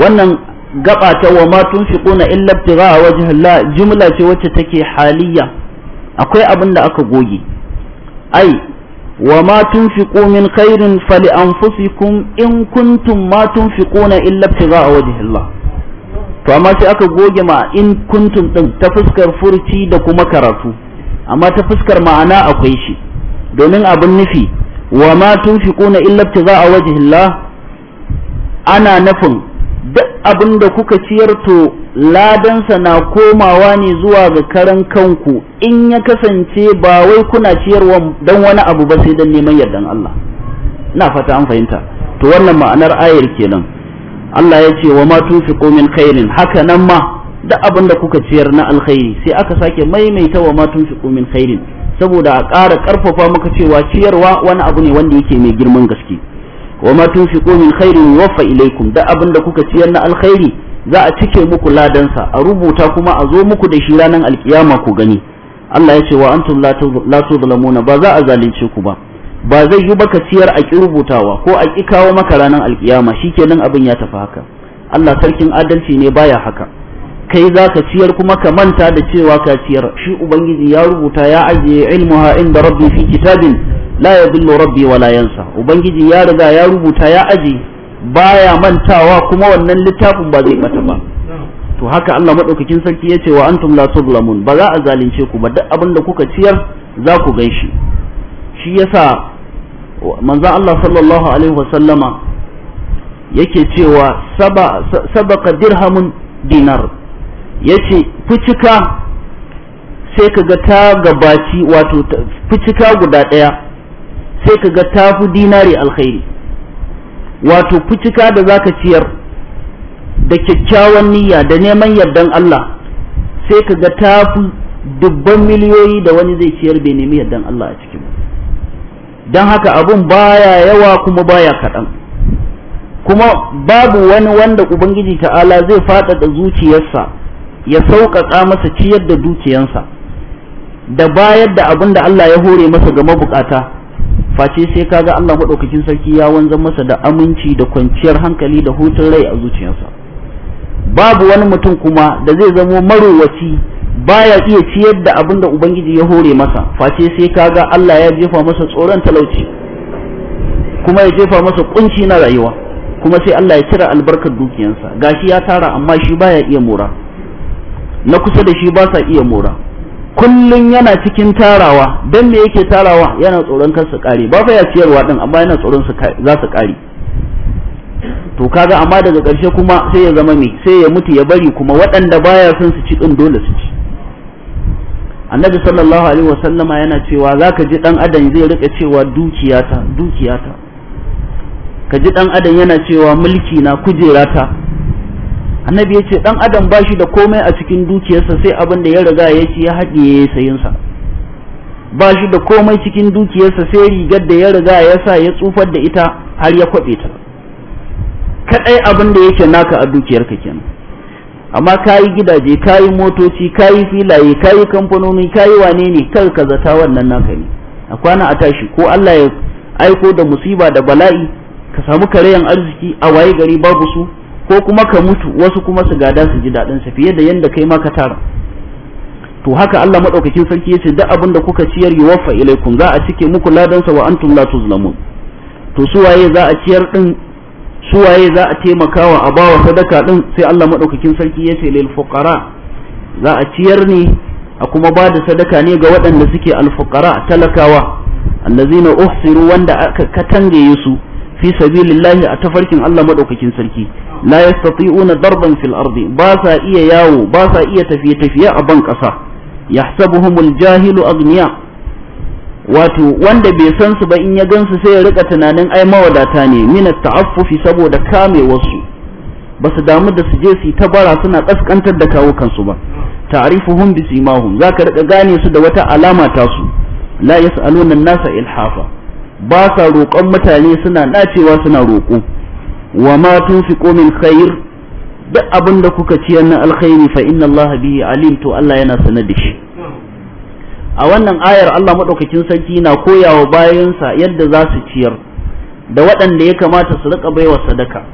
wannan gaba ta wa ma tunfiquna illa ibtigha'a wajhi Allah jumla ce wacce take haliyya akwai abin da aka goge ai wa ma fi min khairin fali anfusikum in kuntum ma tunfiquna illa a wajhi Allah to amma sai aka goge ma in kuntum din ta fuskar furci da kuma karatu amma ta fuskar ma'ana akwai shi domin abin nufi wa ma tunfiquna illa a wajhi Allah ana nufin duk abin da kuka ciyar to ladansa na komawa ne zuwa ga karan kanku in ya kasance ba wai kuna ciyarwa don wani abu ba sai don neman yardan Allah na fata an fahimta to wannan ma'anar ayar kenan Allah ya ce wa ma tunfiqu min khairin haka nan ma duk abin da kuka ciyar na alkhairi sai aka sake maimaita wa ma tunfiqu min khairin saboda a ƙara ƙarfafa maka cewa ciyarwa wani abu ne wanda yake mai girman gaske wa ma tunfiqu min khairin yuwaffa ilaykum da abin da kuka ciyar na alkhairi za a cike muku ladansa a rubuta kuma a zo muku da shi ranar alkiyama ku gani Allah ya ce wa antum la tuzlamuna ba za a zalunce ku ba ba zai yi baka ciyar a ki rubutawa ko a ki kawo maka ranar alkiyama shikenan abin ya tafi haka Allah sarkin adalci ne baya haka kai za ka ciyar kuma ka manta da cewa ka ciyar shi ubangiji ya rubuta ya ajiye ilmuha inda rabbi fi kitabin la billo rabbi wa ubangiji ya riga ya rubuta ya aji baya mantawa kuma wannan littafin ba zai bata ba to haka Allah madaukakin sarki yace wa antum la tuzlamun ba za a zalunce ku ba duk abin da kuka ciyar za ku ganshi shi yasa manzon Allah sallallahu alaihi wasallama yake cewa saba sabaka dirhamun dinar yace fucika sai kaga ta gabaci wato fucika guda daya sai ka ga tafi dinari alkhairi wato kucika da zaka ciyar da kyakkyawan niyya da neman yardan Allah sai ka ga tafi dubban miliyoyi da wani zai ciyar bai nemi yardan Allah a cikin don haka abun baya yawa kuma baya kaɗan kuma babu wani wanda ubangiji ta'ala zai faɗaɗa zuciyarsa ya sauƙaƙa masa ciyar da dukiyansa da bayar da abin da Allah ya hore masa ga mabukata face sai kaga Allah madaukakin sarki ya wanzo masa da aminci da kwanciyar hankali da hutun rai a zuciyarsa babu wani mutum kuma da zai zamo marowaci baya iya ciyar da abin da ubangiji ya hore masa face sai kaga Allah ya jefa masa tsoron talauci kuma ya jefa masa kunci na rayuwa kuma sai Allah ya cire albarkar dukiyarsa gashi ya tara amma shi baya iya mora na kusa da shi ba sa iya mora kullun yana cikin tarawa dan me yake tarawa yana tsoron kar su kare ba fa ya ciyarwa din amma yana tsoron su za su kare to kaga amma daga ƙarshe kuma sai ya zama me sai ya mutu ya bari kuma waɗanda baya son su ci din dole su ci annabi sallallahu alaihi wasallama yana cewa zaka ji dan adam zai rika cewa dukiyata dukiyata ka ji dan adam yana cewa mulki na kujerata annabi ya ce dan adam ba shi da komai a cikin dukiyarsa sai abin da ya riga ya ci ya haɗiye ya sayinsa ba shi da komai cikin dukiyarsa sai rigar da ya riga ya sa ya tsufar da ita har ya kwaɓe ta kaɗai abin da yake naka a dukiyarka kenan amma kayi gidaje kayi motoci kayi filaye kayi kamfanoni yi wane ne kar ka zata wannan naka ne a kwana a tashi ko Allah ya aiko da musiba da bala'i ka samu karayan arziki a waye gari babu su ko kuma ka mutu wasu kuma su gada su ji daɗin sa fiye da yanda kai ma ka tara to haka Allah madaukakin sarki yace duk abin da kuka ciyar yuwaffa ilaikum za a cike muku ladan sa wa antum la tuzlamun to suwaye za a ciyar din suwaye za a taimakawa a bawa sadaka din sai Allah madaukakin sarki yace lil fuqara za a ciyar ne a kuma ba da sadaka ne ga waɗanda suke alfuqara talakawa allazina uhsiru wanda aka katange su fi sabilillahi a tafarkin Allah madaukakin sarki la yastati'una darban fil ardi ba sa iya yawo ba sa iya tafiye tafiye a ban kasa yahsabuhumul jahilu aghniya wato wanda bai san su ba in ya gansu sai ya rika tunanin ai mawadata ne minat ta'affufi saboda kame wasu ba su damu da su je su ta bara suna kaskantar da kawo kansu ba ta'rifuhum bisimahum zaka rika gane su da wata alama ta su la yas'aluna an-nasa ilhafa ba sa roƙon mutane suna nacewa suna roƙo wa ma tunfiqu min khair duk abin da kuka ciyar na alkhairi fa inna Allah bihi alim to Allah yana sanar da shi a wannan ayar Allah madaukakin sarki na koyawa bayansa yadda za su ciyar da waɗanda ya kamata su rika baiwa sadaka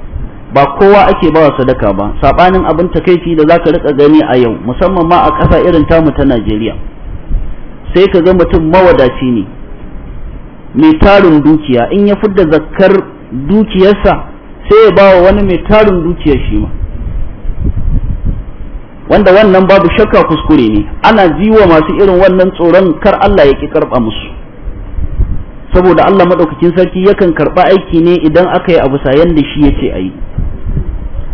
ba kowa ake bawa sadaka ba sabanin abin takeici da zaka rika gani a yau musamman ma a ƙasa irin tamu ta Najeriya sai ka ga mutum mawadaci ne mai tarin dukiya in ya fidda zakkar dukiyarsa sai ya bawa wani mai tarin dukiyar shi ma wanda wannan babu shakka kuskure ne ana jiwa masu irin wannan tsoron kar Allah ya ki karba musu saboda Allah madaukakin sarki yakan karba aiki ne idan aka yi abu sayan da shi yace ayi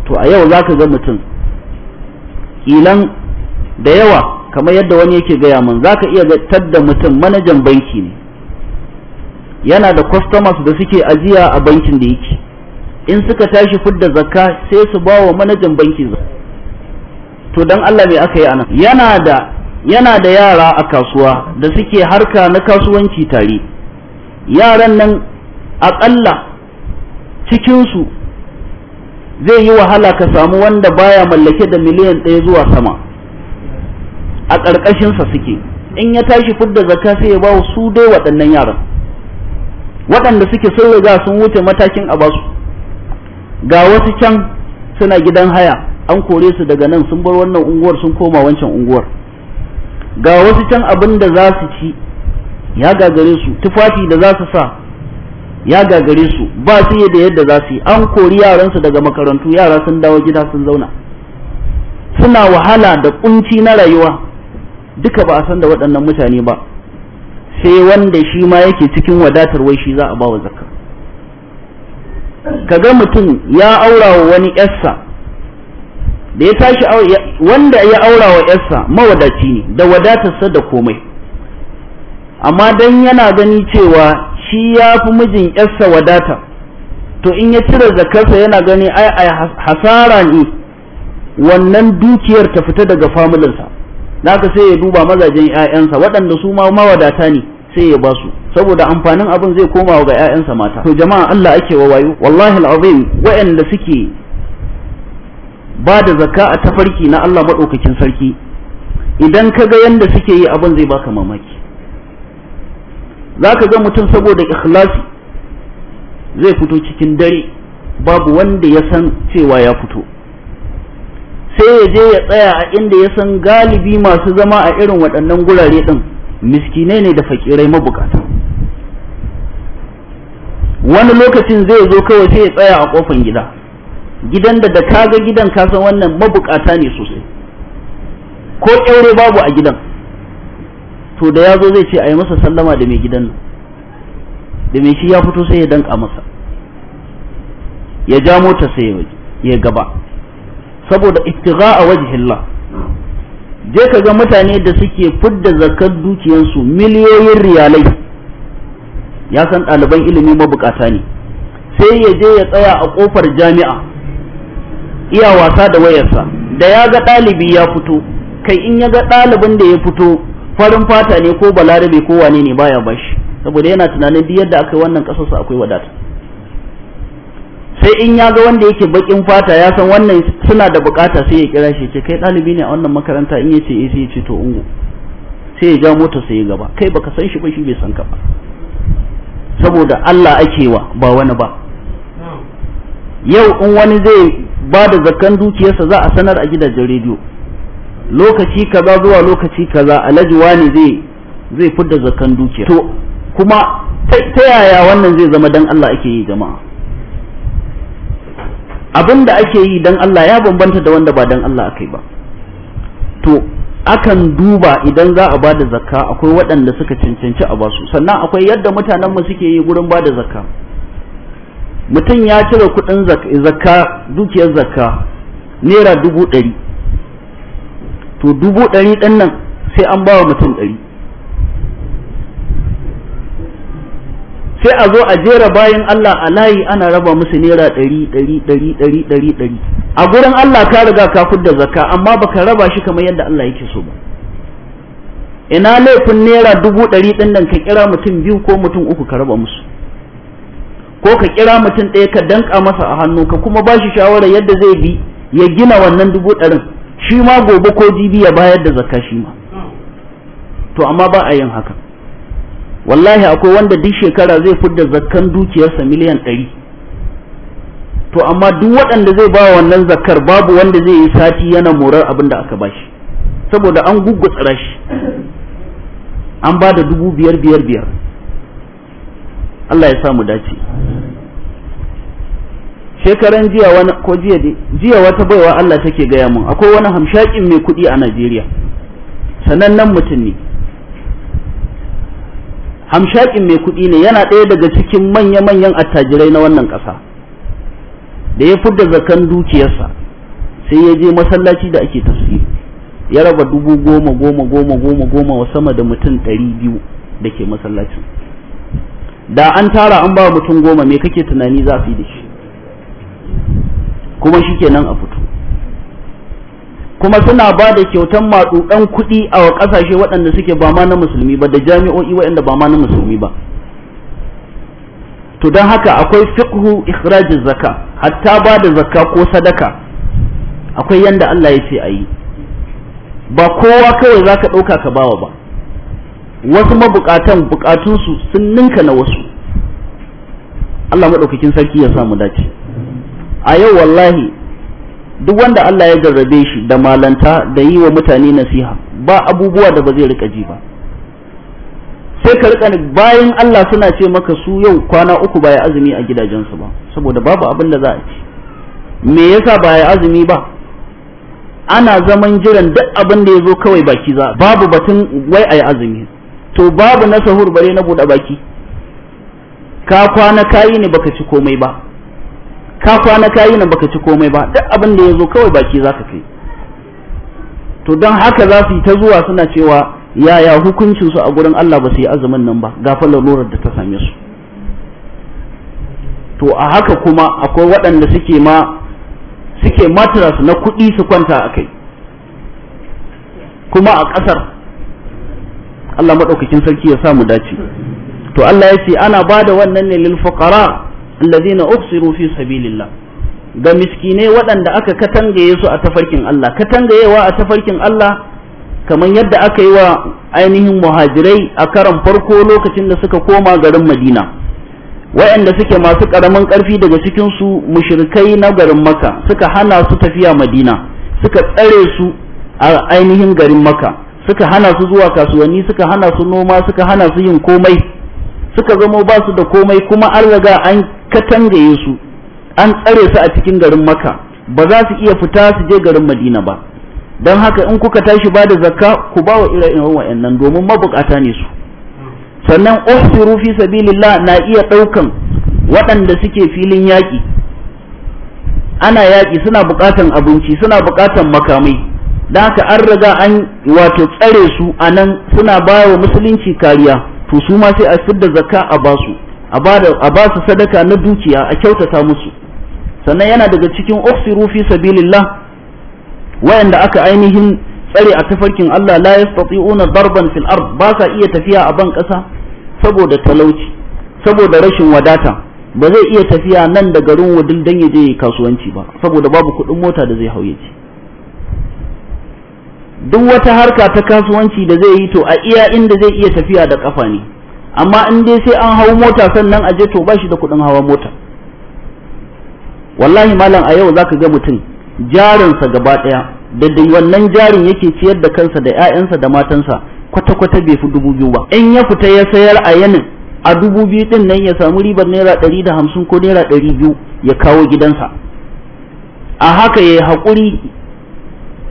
to a yau zaka ga mutum ilan da yawa kamar yadda wani yake gaya min zaka iya ga tadda mutum manajan banki ne yana da customers da suke ajiya a bankin da yake in suka tashi fudda zakka sai su ba manajan bankin to dan Allah me aka yi anan yana da yana da yara a kasuwa da suke harka na kasuwanci tare yaran nan aƙalla cikinsu zai yi wahala ka samu wanda baya mallake da miliyan ɗaya zuwa sama a ƙarƙashinsa suke in ya tashi fudda zakka sai ya ba su dai waɗannan yaran waɗanda suke sun riga sun wuce matakin a basu ga wasu can suna gidan haya an kore su daga nan sun bar wannan unguwar sun koma wancan unguwar ga wasu can abin da za su ci ya gagare su tufafi da za su sa ya gagare su ba su yi da yadda za su yi an kori yaransu daga makarantu yara sun dawo gida sun zauna suna wahala da kunci na rayuwa duka ba a san da waɗannan mutane ba sai wanda shi ma yake cikin wadatar wai shi za a bawa zakka kaga mutum ya aura wa wani yarsa da ya tashi wanda ya aura wa yarsa mawadaci ne da wadatarsa da komai amma dan yana gani cewa shi ya fi mijin yarsa wadata to in ya cire zakarsa yana gani ai ai hasara ne wannan dukiyar ta fita daga familinsa naka sai ya duba mazajen ƴaƴansa waɗanda su ma mawadata ne sai ya basu saboda amfanin abin zai koma ga ƴaƴansa mata to jama'a Allah ake wa wayo wallahi alazim waɗanda suke ba da zakka a tafarki na Allah madaukakin sarki idan ka ga yanda suke yi abin zai baka mamaki zaka ga mutum saboda ikhlasi zai fito cikin dare babu wanda ya san cewa ya fito sai ya je ya tsaya a inda ya san galibi masu zama a irin waɗannan gurare ɗin miskinai ne da fakirai mabukata wani lokacin zai zo kawai sai ya tsaya a kofan gida gidan da da kaga gidan kasan wannan mabukata ne sosai ko ƙyaure babu a gidan to da ya zo zai ce a yi masa sallama da mai gidan nan da mai shi ya fito sai ya danka masa ya ja mota sai ya gaba saboda ittiga a wajihillah je ka ga mutane da suke fidda zakar dukiyarsu miliyoyin riyalai ya san ɗaliban ilimi mabukata ne sai ya je ya tsaya a ƙofar jami'a iya wasa da wayarsa da ya ga ɗalibi ya fito kai in ya ga ɗalibin da ya fito farin fata ne ko balarabe ko wane ne baya bashi saboda yana tunanin duk yadda aka yi wannan ƙasarsa akwai wadata sai in ya ga wanda yake bakin fata ya san wannan suna da bukata sai ya kira shi ce kai ɗalibi ne a wannan makaranta in yace eh sai ya ce to ungo sai ya ja mota sai ya gaba kai baka san shi ba shi bai san ka ba saboda Allah ake wa ba wani ba yau in wani zai ba da zakan dukiyarsa za a sanar a gidajen rediyo lokaci kaza zuwa lokaci kaza alhaji wani zai zai fidda zakan dukiya to kuma ta yaya wannan zai zama dan Allah ake yi jama'a abin da ake yi dan Allah ya bambanta da wanda ba dan Allah aka yi ba to akan duba idan za a bada zakka akwai waɗanda suka cancanci a basu sannan akwai yadda mutanenmu suke yi gurin bada zakka mutum ya cire kuɗin zakka dukiyar zakka naira dubu ɗari to dubu ɗari ɗin nan sai an bawa mutum ɗari sai a zo a jera bayan Allah a layi ana raba musu naira ɗari ɗari ɗari ɗari ɗari ɗari a gurin Allah ka riga ka fidda zakka amma baka raba shi kamar yadda Allah yake so ba ina laifin naira dubu ɗari ɗin nan ka kira mutum biyu ko mutum uku ka raba musu ko ka kira mutum ɗaya ka danka masa a hannu ka kuma ba shi shawarar yadda zai bi ya gina wannan dubu ɗarin shi ma gobe ko jibi ya bayar da zakka shi ma to amma ba a yin haka wallahi akwai wanda duk shekara zai fidda zakkan dukiyarsa miliyan ɗari to amma duk waɗanda zai ba wannan zakkar babu wanda zai yi sati yana morar abin da aka bashi saboda an tsara shi an ba da dubu biyar biyar biyar Allah ya samu dace shekaran jiya wani ko jiya jiya wata baiwa Allah take gaya mun akwai wani hamshakin mai kuɗi a Najeriya sanannen mutum ne hamshakin mai kuɗi ne yana ɗaya daga cikin manya-manyan attajirai na wannan ƙasa da ya fidda zakan dukiyarsa sai ya je masallaci da ake tasiri ya raba dubu goma goma goma goma goma wa sama da mutum ɗari biyu da ke masallacin da an tara an ba mutum goma me kake tunani za su yi da shi kuma shi kenan a fito kuma suna ba da kyautan maɗuɗan kuɗi a ƙasashe waɗanda suke ba ma na musulmi ba da jami'o'i waɗanda ba ma na musulmi ba to don haka akwai fiqhu ikhrajin zaka hatta ba da zaka ko sadaka akwai yanda Allah ya ce a yi ba kowa kawai za ka ɗauka ka bawa ba wasu mabukatan bukatunsu sun ninka na wasu Allah maɗaukakin sarki ya samu dace a yau wallahi duk wanda Allah ya garrabe shi da malanta da yi wa mutane nasiha ba abubuwa da ba zai rika ji ba sai ka rika bayan Allah suna ce maka su yau kwana uku ba ya azumi a gidajensu ba saboda babu abin da za a ci me yasa ba ya azumi ba ana zaman jiran duk abin da ya zo kawai baki za babu batun wai a yi azumi to babu na sahur bare na buɗe baki ka kwana kayi ne baka ci komai ba ka kwana kayi nan baka ci komai ba duk abin da ya zo kawai baki zaka kai to dan haka za su yi ta zuwa suna cewa yaya su a gurin Allah ba su yi azumin nan ba gafalar lorar da ta same su to a haka kuma akwai waɗanda suke ma suke matras na kuɗi su kwanta a kai kuma a ƙasar Allah maɗaukakin sarki ya samu dace to Allah ya ce ana bada da wannan ne lil fuqara allazina ukhsiru fi sabilillah ga miskinai waɗanda aka katangaye su a tafarkin Allah katangayewa a tafarkin Allah kamar yadda aka yi wa ainihin muhajirai a karan farko lokacin da suka koma garin Madina waɗanda suke masu ƙaramin ƙarfi daga cikin su mushrikai na garin Makka suka hana su tafiya Madina suka tsare su a ainihin garin Makka suka hana su zuwa kasuwanni suka hana su noma suka hana su yin komai suka zamo ba su da komai kuma an riga an katangaye su an tsare su a cikin garin maka ba za su iya fita su je garin madina ba don haka in kuka tashi ba da zakka ku ba wa irin iren wa'annan domin mabukata ne su sannan uhsiru fi sabilillah na iya ɗaukan waɗanda suke filin yaƙi ana yaƙi suna buƙatan abinci suna buƙatan makamai don haka an riga an wato tsare su a nan suna ba wa musulunci kariya to su ma sai a fidda zakka a basu a ba su sadaka na dukiya a kyautata musu sannan yana daga cikin uksiru fi sabilillah wayanda aka ainihin tsare a tafarkin Allah la yastati'una darban fil ard ba sa iya tafiya a ban kasa saboda talauci saboda rashin wadata ba zai iya tafiya nan da garin wadin dan ya kasuwanci ba saboda babu kuɗin mota da zai hauye ci duk wata harka ta kasuwanci da zai yi to a iya inda zai iya tafiya da kafa ne amma in dai sai an hau mota sannan a je to ba shi da kuɗin hawa mota wallahi malam a yau zaka ga mutum jarinsa gaba ɗaya da dai wannan jarin yake ciyar da kansa da 'ya'yansa da matansa kwata-kwata bai fi dubu biyu ba in ya fita ya sayar a yanin a dubu biyu din nan ya samu ribar naira ɗari da hamsin ko naira ɗari biyu ya kawo gidansa a haka ya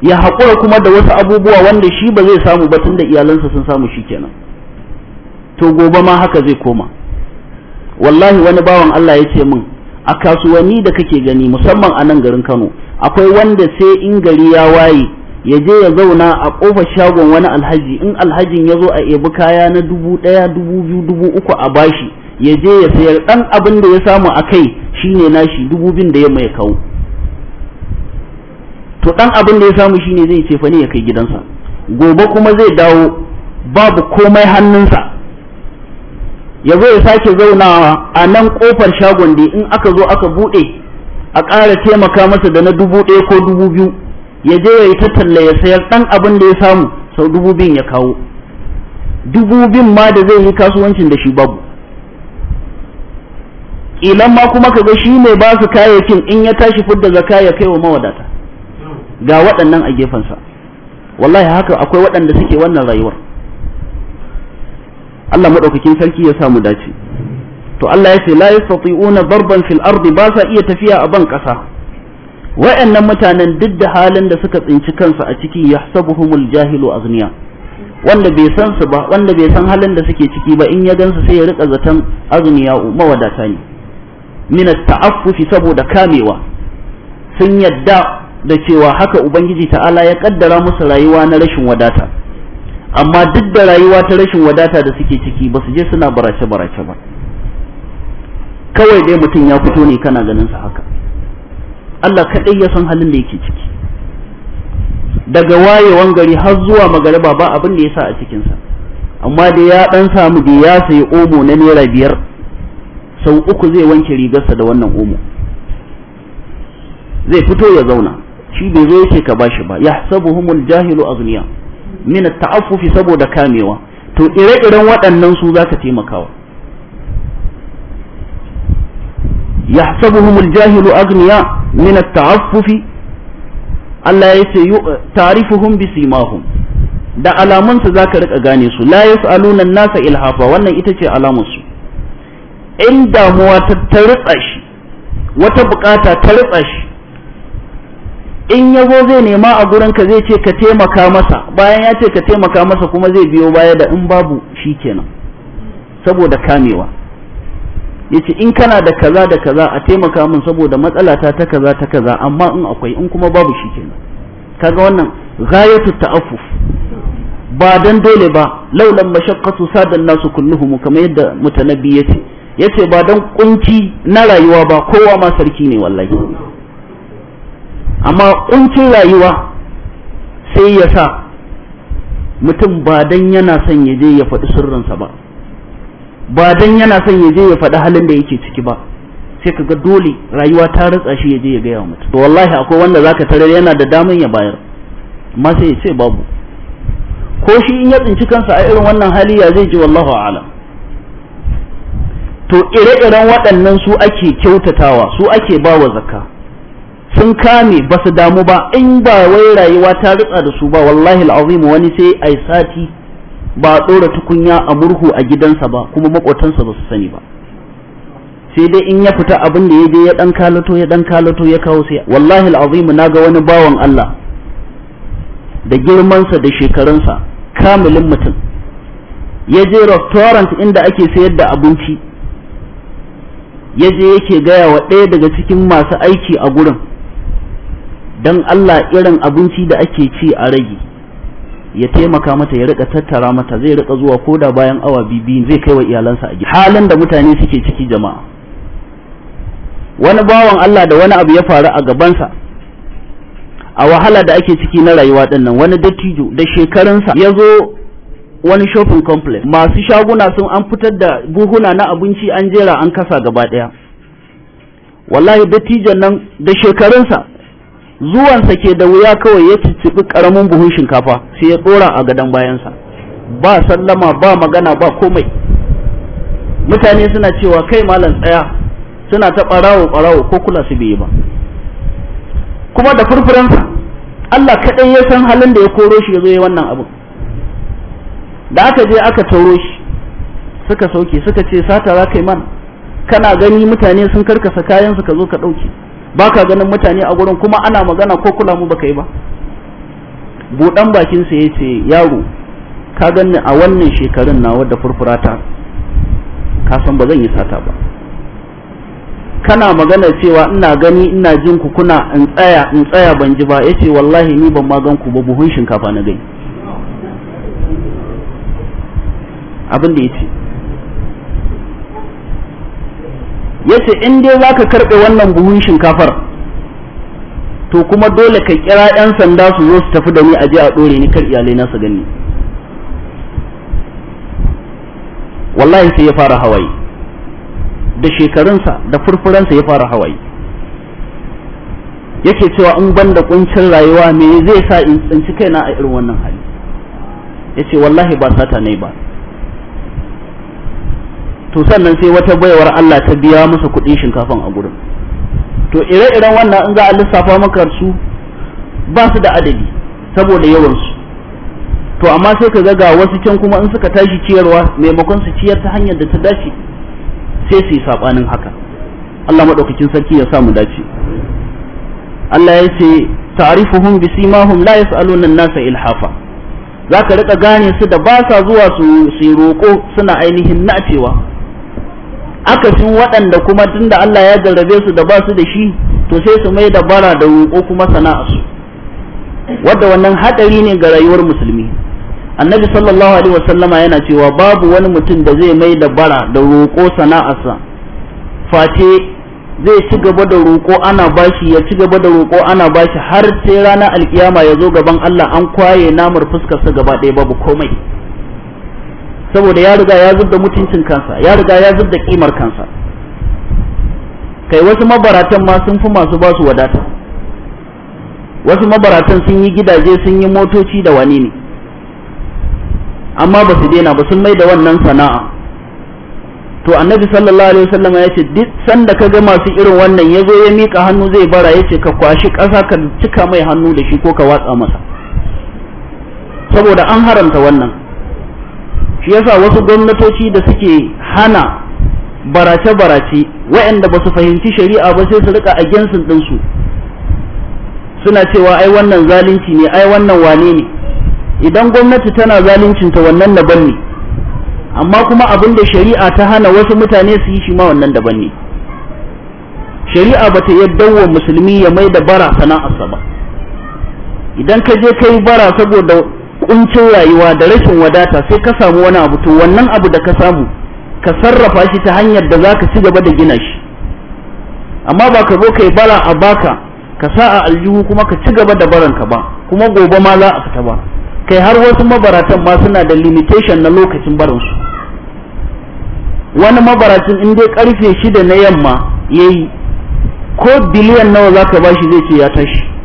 ya haƙura kuma da wasu abubuwa wanda shi ba zai samu ba tunda da iyalansa sun samu shi kenan to gobe ma haka zai koma wallahi wani bawan Allah ya ce min a kasuwanni da kake gani musamman a nan garin Kano akwai wanda sai in gari ya waye ya je ya zauna a kofar shagon wani alhaji in alhajin ya zo a ebi kaya na dubu ɗaya dubu biyu dubu uku a bashi ya je ya sayar ɗan abin da ya samu a kai shine nashi dubu bin da ya mai kawo to ɗan abin da ya samu shine zai ce fa ne ya kai gidansa gobe kuma zai dawo babu komai hannunsa ya zo ya sake zaunawa a nan kofar shagon da in aka zo aka bude a ƙara taimaka masa da na dubu ɗaya ko dubu biyu ya je ya yi ta talla ya sayar ɗan abin da ya samu sau dubu biyun ya kawo dubu biyun ma da zai yi kasuwancin da shi babu ilan ma kuma ka ga shi mai ba su kayayyakin in ya tashi fidda zaka ya kai wa mawadata ga waɗannan a gefensa wallahi haka akwai waɗanda suke wannan rayuwar Allah madaukakin sarki ya samu dace to Allah ya ce la yastati'una darban fil ardi ba sa iya tafiya a ban kasa wa'annan mutanen duk da halin da suka tsinci kansu a ciki yahsabuhumul jahilu azniya wanda bai san su ba wanda bai san halin da suke ciki ba in ya gansu sai ya rika zaton azniya mawadata ne min ta'affufi saboda kamewa sun yadda da cewa haka ubangiji ta'ala ya kaddara musu rayuwa na rashin wadata amma duk da rayuwa ta rashin wadata da suke ciki ba su je suna barace barace ba kawai dai mutum ya fito ne kana ganin sa haka Allah kaɗai ya san halin da yake ciki daga wayewan gari har zuwa magariba ba abin da ya sa a cikinsa amma da ya ɗan samu da ya sayi omo na naira biyar sau uku zai wanke rigarsa da wannan omo zai fito ya zauna shi bai zo yake ka bashi ba ya sabu jahilu azniya min ta'affufi saboda kamewa to ire-iren waɗannan su za ka taimakawa sabu al-jahilu agniya min taaffufi Allah ya ce ta'rifuhum simahum da alamun su ka rika gane su la yas'aluna nasa ilhafa wannan ita ce alamun su in damuwa ta ritsa wata bukata ta ritsa in ya zai nema a gurinka zai ce ka taimaka masa bayan ya ce ka taimaka masa kuma zai biyo baya da in babu shi saboda kamewa yace in kana da kaza da kaza a taimaka min saboda matsala ta kaza ta kaza amma in akwai in kuma babu shi kenan kaga wannan ghayatu ta'affuf ba dan dole ba laulan mashaqqatu sadan nasu kulluhum kamar yadda mutanabbi yace yace ba dan kunci na rayuwa ba kowa ma sarki ne wallahi amma kuncin rayuwa sai ya sa mutum ba dan yana son ya je ya faɗi sirrinsa ba ba dan yana son ya je ya faɗi halin da yake ciki ba sai ka ga dole rayuwa ta ratsa shi ya je ya gaya wa mutum to wallahi akwai wanda zaka tarar yana da daman ya bayar amma sai ya ce babu ko shi in ya tsinci kansa a irin wannan hali ya zai ji wallahu a'lam to ire-iren waɗannan su ake kyautatawa su ake bawa zakka sun kame ba su damu ba in ba wai rayuwa ta ritsa da su ba wallahi al'azim wani sai ai sati ba ɗora tukunya a murhu a gidansa ba kuma makotansa ba su sani ba sai dai in ya fita abin da ya je ya dan kalato ya dan kalato ya kawo sai wallahi al'azim naga wani bawan Allah da girmansa da shekarunsa kamilin mutum ya je restaurant inda ake sayar da abinci ya je yake gaya wa ɗaya daga cikin masu aiki a gurin don Allah irin abinci da ake ci a rage ya taimaka mata ya rika tattara mata zai rika zuwa ko da bayan awa bibi zai kai wa iyalansa a gida halin da mutane suke ciki jama'a wani bawan Allah da wani abu ya faru a gabansa a wahala da ake ciki na rayuwa din wani dattijo da shekarunsa ya zo wani shopping complex masu shaguna sun an fitar da buhuna na abinci an jera an kasa gaba daya wallahi dattijon nan da shekarunsa zuwansa ke da wuya kawai ya cicibi karamin buhun shinkafa sai ya ɗora a gadon bayansa ba sallama ba magana ba komai mutane suna cewa kai malam tsaya suna ta ɓarawo ɓarawo ko kula su bai ba kuma da furfuransa Allah kaɗai ya san halin da ya koro shi ya zo ya wannan abu da aka je aka tauro shi suka sauke suka ce sata za ka yi mana kana gani mutane sun karkasa kayan ka zo ka ɗauke baka ganin mutane a gurin kuma ana magana ko kula mu baka yi ba budan bakin sa yace yaro ka ganni a wannan shekarun na wadda furfurata ka san ba zan yi sata ba kana magana cewa ina gani ina jin ku kuna in tsaya in tsaya ban ji ba yace wallahi ni ban magan ku ba buhun shinkafa na gani abin da yace yace in dai zaka karbe wannan buhun shinkafar to kuma dole ka kira yan sanda su zo su tafi da ni aje a dore ni kar iyalai na su gani wallahi sai ya fara hawaye da shekarunsa da furfuransa ya fara hawaye yake cewa in ban da kuncin rayuwa me zai sa in tsinci kaina a irin wannan hali yace wallahi ba sata ne ba to sannan sai wata baiwar Allah ta biya masa kuɗin shinkafan a gurin to ire-iren wannan in za a lissafa maka su ba su da adadi saboda yawan su, to amma sai ka ga wasu can kuma in suka tashi ciyarwa maimakon su ciyar ta hanyar da ta dace sai su yi saɓanin haka Allah madaukakin sarki ya sa mu dace Allah ya ce ta'rifuhum simahum la yas'aluna an-nasa ilhafa zaka rika gane su da ba sa zuwa su su roƙo suna ainihin nacewa aka fi waɗanda kuma tun da Allah ya jarrabe su da ba su da shi to sai su mai da bara da roƙo kuma sana'a su wadda wannan haɗari ne ga rayuwar musulmi annabi sallallahu alaihi wasallama yana cewa babu wani mutum da zai mai da bara da roƙo sana'arsa face zai ci gaba da roƙo ana bashi ya ci gaba da roƙo ana bashi har sai ranar alkiyama ya zo gaban Allah an kwaye namar fuskarsa gaba ɗaya babu komai saboda ya riga ya zubda mutuncin kansa ya riga ya zubda kimar kansa kai wasu mabaratan ma sun fi masu ba su wadata wasu mabaratan sun yi gidaje sun yi motoci da wani ne amma ba su daina ba sun mai da wannan sana'a to annabi sallallahu alaihi wasallam ya ce duk sanda ka ga masu irin wannan ya zo ya mika hannu zai bara ya ce ka kwashi ƙasa ka cika mai hannu da shi ko ka watsa masa saboda an haramta wannan shi yasa wasu gwamnatoci da suke hana barace-barace wa'anda ba su fahimci shari'a ba sai su rika agensin ɗinsu suna cewa ai wannan zalunci ne ai wannan wane ne idan gwamnati tana zaluncinta wannan daban ne amma kuma abin da shari'a ta hana wasu mutane su yi shi ma wannan daban ne shari'a ba ta yadda wa musulmi ya mai da bara sana'arsa ba idan ka je kai bara saboda kuncin rayuwa da rashin wadata sai ka samu wani abu to wannan abu da ka samu ka sarrafa shi ta hanyar da za ka ci gaba da gina shi amma ba ka zo kai bara a baka ka sa a aljihu kuma ka ci gaba da baranka ba kuma gobe ma za a fita ba kai har wasu mabaratan ma suna da limitation na lokacin barinsu wani mabaracin in dai karfe shida na yamma yayi ko biliyan nawa zaka bashi zai ce ya tashi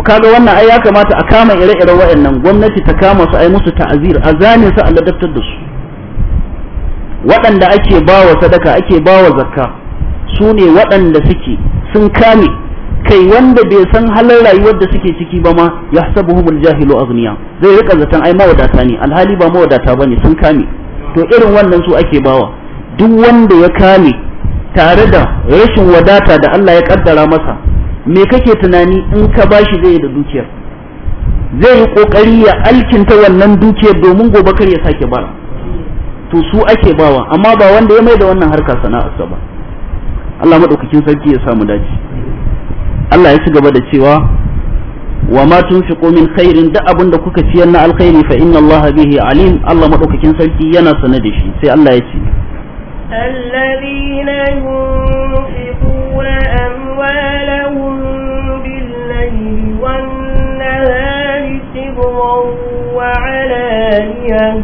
to kaga wannan ai ya kamata a kama ire-iren waɗannan gwamnati ta kama su ai musu ta'azir a su a ladabtar da su waɗanda ake bawa sadaka ake bawa zakka su ne waɗanda suke sun kame kai wanda bai san halin rayuwar da suke ciki ba ma ya sabuhumul jahilu aghniya zai rika zaton ai mawadata ne alhali ba mawadata ne sun kame to irin wannan su ake bawa duk wanda ya kame tare da rashin wadata da Allah ya kaddara masa me kake tunani in ka bashi zai da dukiyar zai yi kokari ya alkinta wannan dukiyar domin gobe kar ya sake bara to su ake bawa amma ba wanda ya mai da wannan harka sana'arsa ba Allah madaukakin sarki ya samu dace Allah ya ci gaba da cewa wa ma tunfiqu min khairin da abin da kuka ciyar na alkhairi fa inna Allah bihi alim Allah madaukakin sarki yana sane da shi sai Allah ya ce الذين ينفقون وعلانية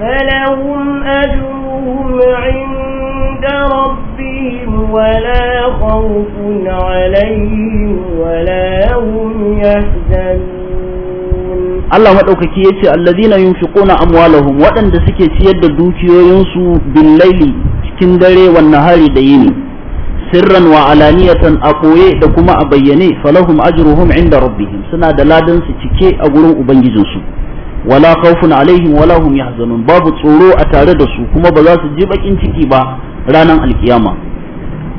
فلهم أجرهم عند ربهم ولا خوف عليهم ولا هم يحزنون Allah maɗaukaki ya ce allazina yunfiquna amwalahum waɗanda suke ciyar da dukiyoyinsu bin laili cikin dare wanne hari da yini sirran wa alaniyatan a koye da kuma a bayyane falahum ajruhum inda rabbihim suna da ladan su cike a gurin ubangijinsu wala khawfun alaihim wala hum yahzanun babu tsoro a tare da su kuma ba za su ji bakin ciki ba ranar alkiyama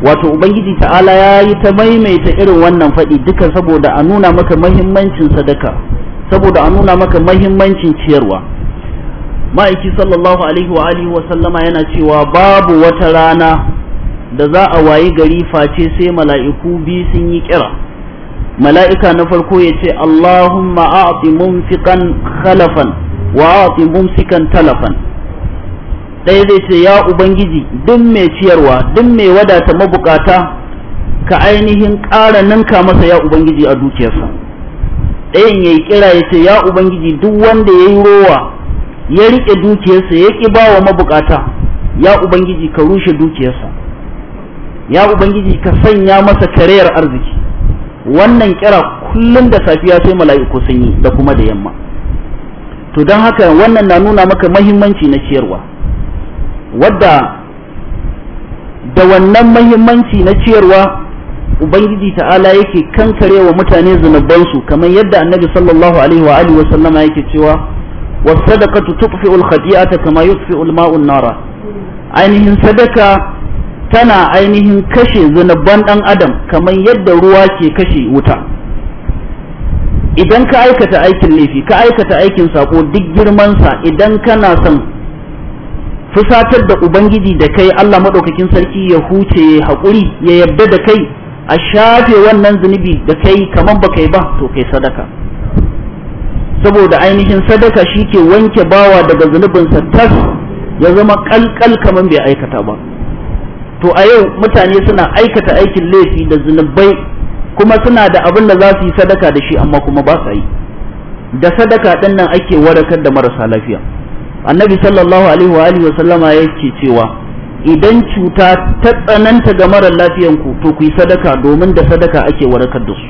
wato ubangiji ta'ala ya yi ta maimaita irin wannan faɗi duka saboda a nuna maka mahimmancin sadaka saboda a nuna maka mahimmancin ciyarwa ma'aiki sallallahu alaihi wa alihi wa sallama yana cewa babu wata rana da za a wayi gari face sai mala'iku biyu sun yi kira mala'ika na farko ya ce Allahumma a'ti mumfiqan khalafan wa a'ti mumsikan talafan ɗaya zai ce ya ubangiji duk mai ciyarwa duk mai wadata mabukata ka ainihin ƙara ninka masa ya ubangiji a dukiyarsa ɗayan ya yi kira ya ce ya ubangiji duk wanda ya yi rowa ya riƙe dukiyarsa ya ƙi ba wa mabukata ya ubangiji ka rushe dukiyarsa ya ubangiji ka sanya masa karayar arziki wannan kira kullum da safiya sai mala'iku sun yi da kuma da yamma to don haka wannan na nuna maka mahimmanci na ciyarwa wadda da wannan mahimmanci na ciyarwa ubangiji ta'ala yake kan wa mutane zunubansu kamar yadda annabi sallallahu alaihi wa yake cewa wasadaqatu tudfi'u al-khati'ata kama ainihin sadaka tana ainihin kashe zunuban ɗan adam kamar yadda ruwa ke kashe wuta idan ka aikata aikin laifi ka aikata aikin sako duk girmansa idan kana son fusatar da ubangiji da kai allah maɗaukakin sarki ya huce ya haƙuri ya yarda da kai a shafe wannan zunubi da kai kamar ba kai ba to kai sadaka saboda ainihin sadaka shi ke wanke bawa daga zunubinsa tas ya zama kalkal kamar bai aikata ba to a yau mutane suna aikata aikin laifi da zunubai kuma suna da abin da za su yi sadaka da shi amma kuma ba sa yi da sadaka ɗin nan ake warakar da marasa lafiya annabi sallallahu alaihi wa alihi wa sallama yake cewa idan cuta ta tsananta ga mara lafiyan ku to ku yi sadaka domin da sadaka ake warakar da su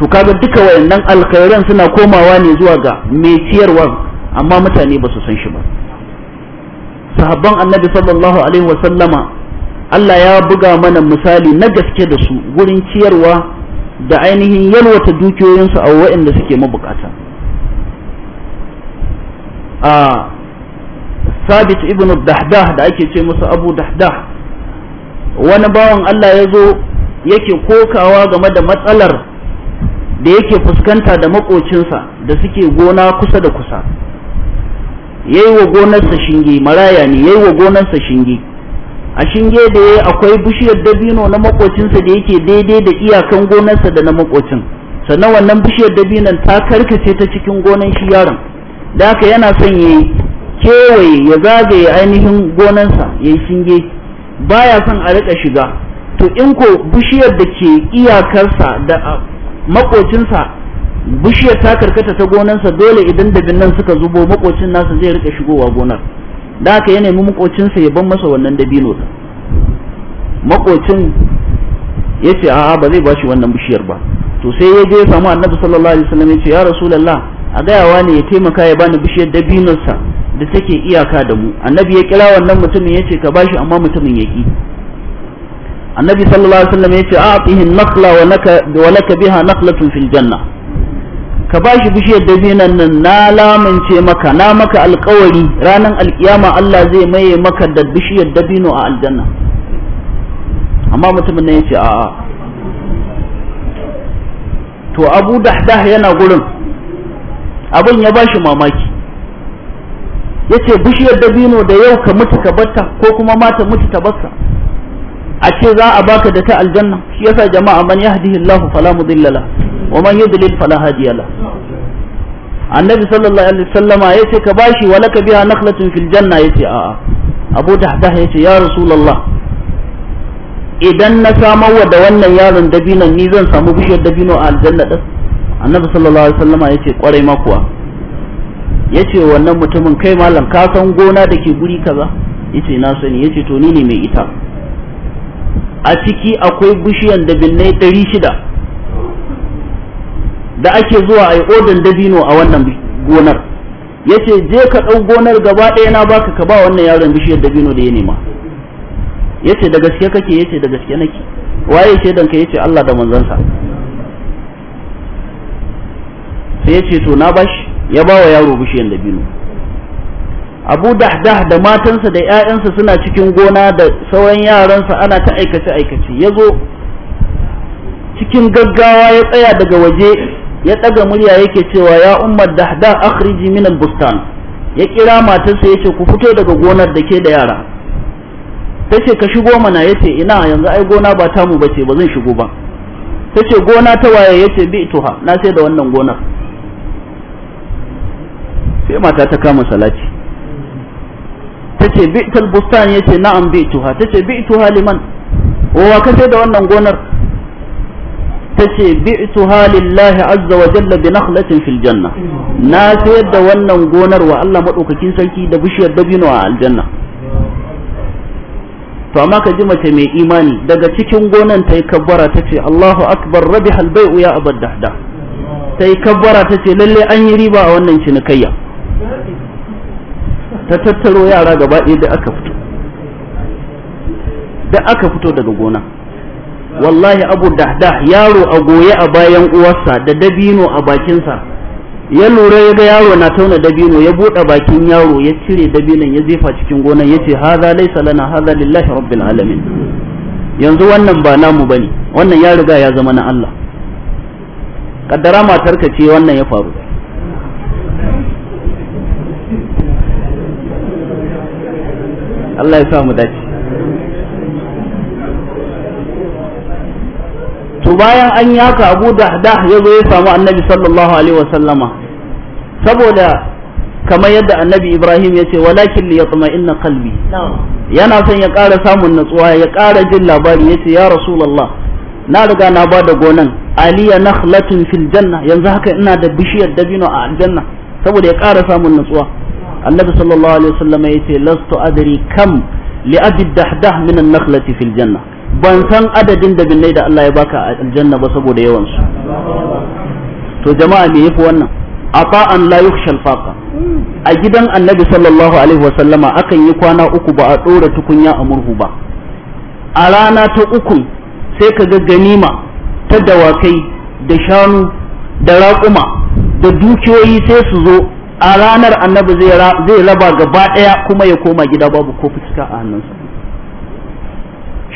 to kaga duka wayannan alkhairan suna komawa ne zuwa ga mai ciyarwa amma mutane ba su san shi ba sahabban annabi sallallahu alaihi sallama Allah ya buga mana misali na gaske da su gurin ciyarwa da ainihin yalwata dukiyoyinsu a waɗanda suke mabukata a sabit ibn dahdah da ake ce musu abu dahdah wani bawan Allah ya zo yake kokawa game da matsalar da yake fuskanta da makocinsa da suke gona kusa da kusa yayi wa gonarsa shinge maraya ne yayi wa gonarsa shinge a shinge da yayi akwai bishiyar dabino na makocinsa da yake daidai da iyakan gonarsa da na makocin sannan wannan bishiyar dabino ta karkace ta cikin gonan shi yaron da haka yana son yayi kewaye ya zagaye ainihin gonarsa yayi shinge baya son a rika shiga to in ko bishiyar da ke iyakarsa da makocinsa bishiyar ta karkata ta gonansa dole idan binnan suka zubo makocin nasa zai rika shigowa gonar da haka ya nemi makocinsa ya ban masa wannan dabino ta makocin ya ce a'a ba zai bashi wannan bishiyar ba to sai ya je samu annabi sallallahu alaihi wasallam ya ce ya rasulullah a gayawa ne ya taimaka ya bani bishiyar dabinonsa da take iyaka da mu annabi ya kira wannan mutumin ya ce ka bashi amma mutumin ya ki annabi sallallahu alaihi wasallam ya ce a'tihi an-naqla wa laka biha naqlatun fil janna ka ba shi bishiyar zinan nan na lamince maka na maka alkawari ranan alkiyama Allah zai maye maka da bishiyar dabino a aljanna amma mutumin nan ya ce a'a to abu dahdah yana gurin abin ya ba shi mamaki ya ce bishiyar dabino da yau ka mutu ka bata ko kuma mata mutu ta baka. a ce za a baka da ta aljanna shi yasa jama'a man yahdihillahu fala mudilla ومن يضلل فلا هادي له النبي صلى الله عليه وسلم يتي كباشي ولك بها نخلة في الجنة يتي آآ أبو تحته يتي يا رسول الله idan na samar wa da wannan yaron dabino ni zan samu bishiyar dabino a aljanna annabi sallallahu alaihi yace kwarai ma yace wannan mutumin kai malam ka san gona da ke guri kaza yace na sani yace to ni ne mai ita a ciki akwai bishiyar dabinai 600 da ake zuwa a yi odan dabino a wannan gonar ya ce je ka ɗau gonar gaba ɗaya na baka ka ba wannan yaron bishiyar dabino da ya nema ya ce da gaske kake ya ce da gaske nake waye shaidanka ya ce Allah da manzansa sai ya ce to na bashi ya ba wa yaro bishiyar dabino abu dahdah da matansa da 'ya'yansa suna cikin gona da sauran yaransa ana ta aikace aikace ya zo cikin gaggawa ya tsaya daga waje ya ɗaga murya yake cewa ya ummar dahda akhriji min albustan bustan ya kira matarsa yace ku fito daga gonar da ke da yara tace ka shigo mana yace ina yanzu ai gona ba mu bace ba zan shigo ba tace gona ta waye yace bi tuha na sai da wannan gonar sai mata ta kama salati tace bi tal bustan yace na'am bi tuha tace bi tuha liman wa ka sai da wannan gonar tace bi'tuha lillahi azza wa jalla bi nakhlatin fil janna na sayar da wannan gonar wa Allah madaukakin sarki da bishiyar dabino a aljanna to amma ka ji mace mai imani daga cikin gonan tayi kabbara tace Allahu akbar rabiha al-bai'u ya abad dahda tayi kabbara tace lalle an yi riba a wannan cinikayya ta tattaro yara gaba ɗaya da aka fito da aka fito daga gona wallahi abu dahda yaro a goye a bayan uwarsa da dabino a bakinsa ya lura ya ga yaro na tauna dabino ya buɗe bakin yaro ya cire dabinon ya zefa cikin gonan ya ce haza laisa lana haza lillahi rabbil alamin yanzu wannan ba namu bane wannan ya riga ya zama na Allah kaddara matarka ce wannan ya faru Allah ya sa mu dace to bayan an yaka abu dahdah ya zo ya samu annabi sallallahu alaihi wasallama saboda kamar yadda annabi ibrahim ya ce walakin li yatma inna qalbi yana son ya ƙara samun natsuwa ya ƙara jin labari ya ce ya rasulullah na riga na ba da gonan aliya nakhlatun fil janna yanzu haka ina da bishiyar dabino a aljanna saboda ya ƙara samun natsuwa annabi sallallahu alaihi wasallam ya ce lastu adri kam li abi dahdah min an fil janna ban san adadin da binnai da Allah ya baka a aljanna ba saboda yawan su to jama'a me yafi wannan an la yukhshal faqa a gidan annabi sallallahu alaihi wasallama akan yi kwana uku ba a dora tukunya a murhu ba a rana ta uku sai ka ga ganima ta dawakai da shanu da raƙuma da dukiyoyi sai su zo a ranar annabi zai raba gaba ɗaya kuma ya koma gida babu ko fuska a hannunsa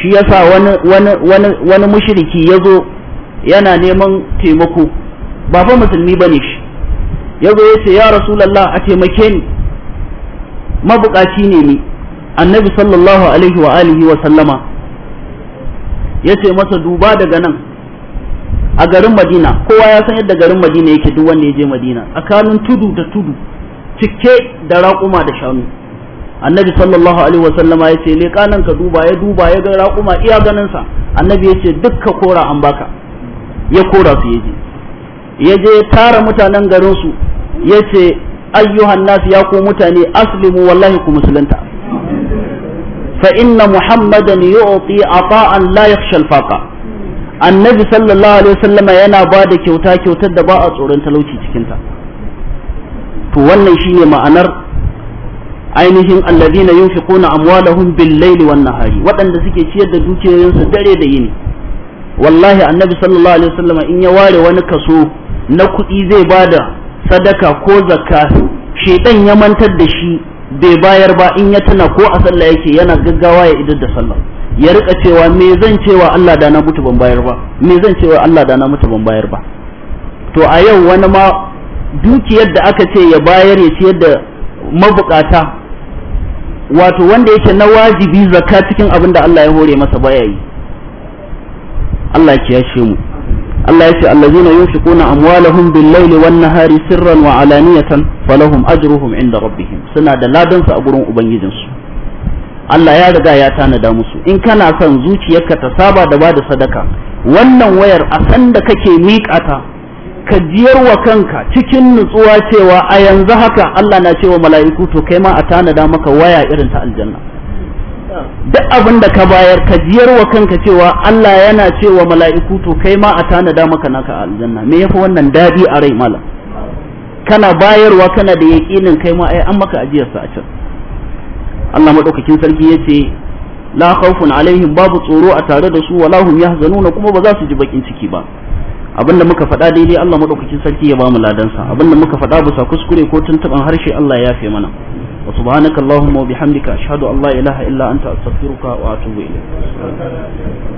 shi yasa wani wani wani wani mushriki yazo yana neman taimako ba fa musulmi bane shi yazo yace ya rasulullah a taimake ni mabukaci ne ni annabi sallallahu alaihi wa alihi wa sallama yace masa duba daga nan a garin Madina kowa ya san yadda garin Madina yake duk wanda ya je Madina tsakanin tudu da tudu cike da raƙuma da shanu annabi sallallahu alaihi wasallama ya ce leƙa nan ka duba ya duba ya ga raƙuma iya ganinsa annabi ya ce dukka kora an baka ya kora su yaje ya je tara mutanen garinsu ya ce ayyuhan nasu ya ku mutane aslimu wallahi ku musulunta fa inna muhammadan yu'ti ata'an la yakhsha al-faqa annabi sallallahu alaihi wasallama yana ba da kyauta kyautar da ba a tsoron talauci cikinta to wannan shine ma'anar ainihin allazina yunfiquna amwalahum bil laili wan nahari waɗanda suke ciyar da dukiyoyinsu dare da yini wallahi annabi sallallahu alaihi wasallam in ya ware wani kaso na kuɗi zai ba da sadaka ko zakka shedan ya mantar da shi bai bayar ba in ya tana ko a sallah yake yana gaggawa ya idar da sallah ya rika cewa me zan cewa Allah da na mutu ban bayar ba me zan cewa Allah da na mutu ban bayar ba to a yau wani ma dukiyar da aka ce ya bayar ya ciyar da mabukata wato wanda yake na wajibi zakka cikin abin da Allah ya hore masa baya yi Allah ya kiyashe mu Allah ya ce allazina yunfiquna amwalahum bil-laili wan-nahari sirran wa alaniyatan falahum ajruhum inda rabbihim suna da ladan su a gurin ubangijin su Allah ya riga ya tanada musu in kana son zuciyarka ta saba da bada sadaka wannan wayar a san da kake miƙata. ka jiyar wa kanka cikin nutsuwa cewa a yanzu haka Allah na cewa mala'iku to kai ma a tanada maka waya irin ta aljanna duk abin da ka bayar ka jiyar wa kanka cewa Allah yana cewa mala'iku to kai ma a tanada maka naka aljanna me yafi wannan dadi a rai malam kana bayarwa kana da yaƙinin kai ma ai an maka ajiyar sa a can Allah madaukakin sarki yace la khawfun alaihim babu tsoro a tare da su wala hum yahzanuna kuma ba za su ji bakin ciki ba abinda muka faɗa daidai Allah madaukakin sarki ya bamu ladansa abinda muka faɗa bisa kuskure ko tuntuɓan harshe Allah ya yafe mana wa subhanakallahumma wa bihamdika ashhadu an la ilaha illa anta astaghfiruka wa atubu ilayk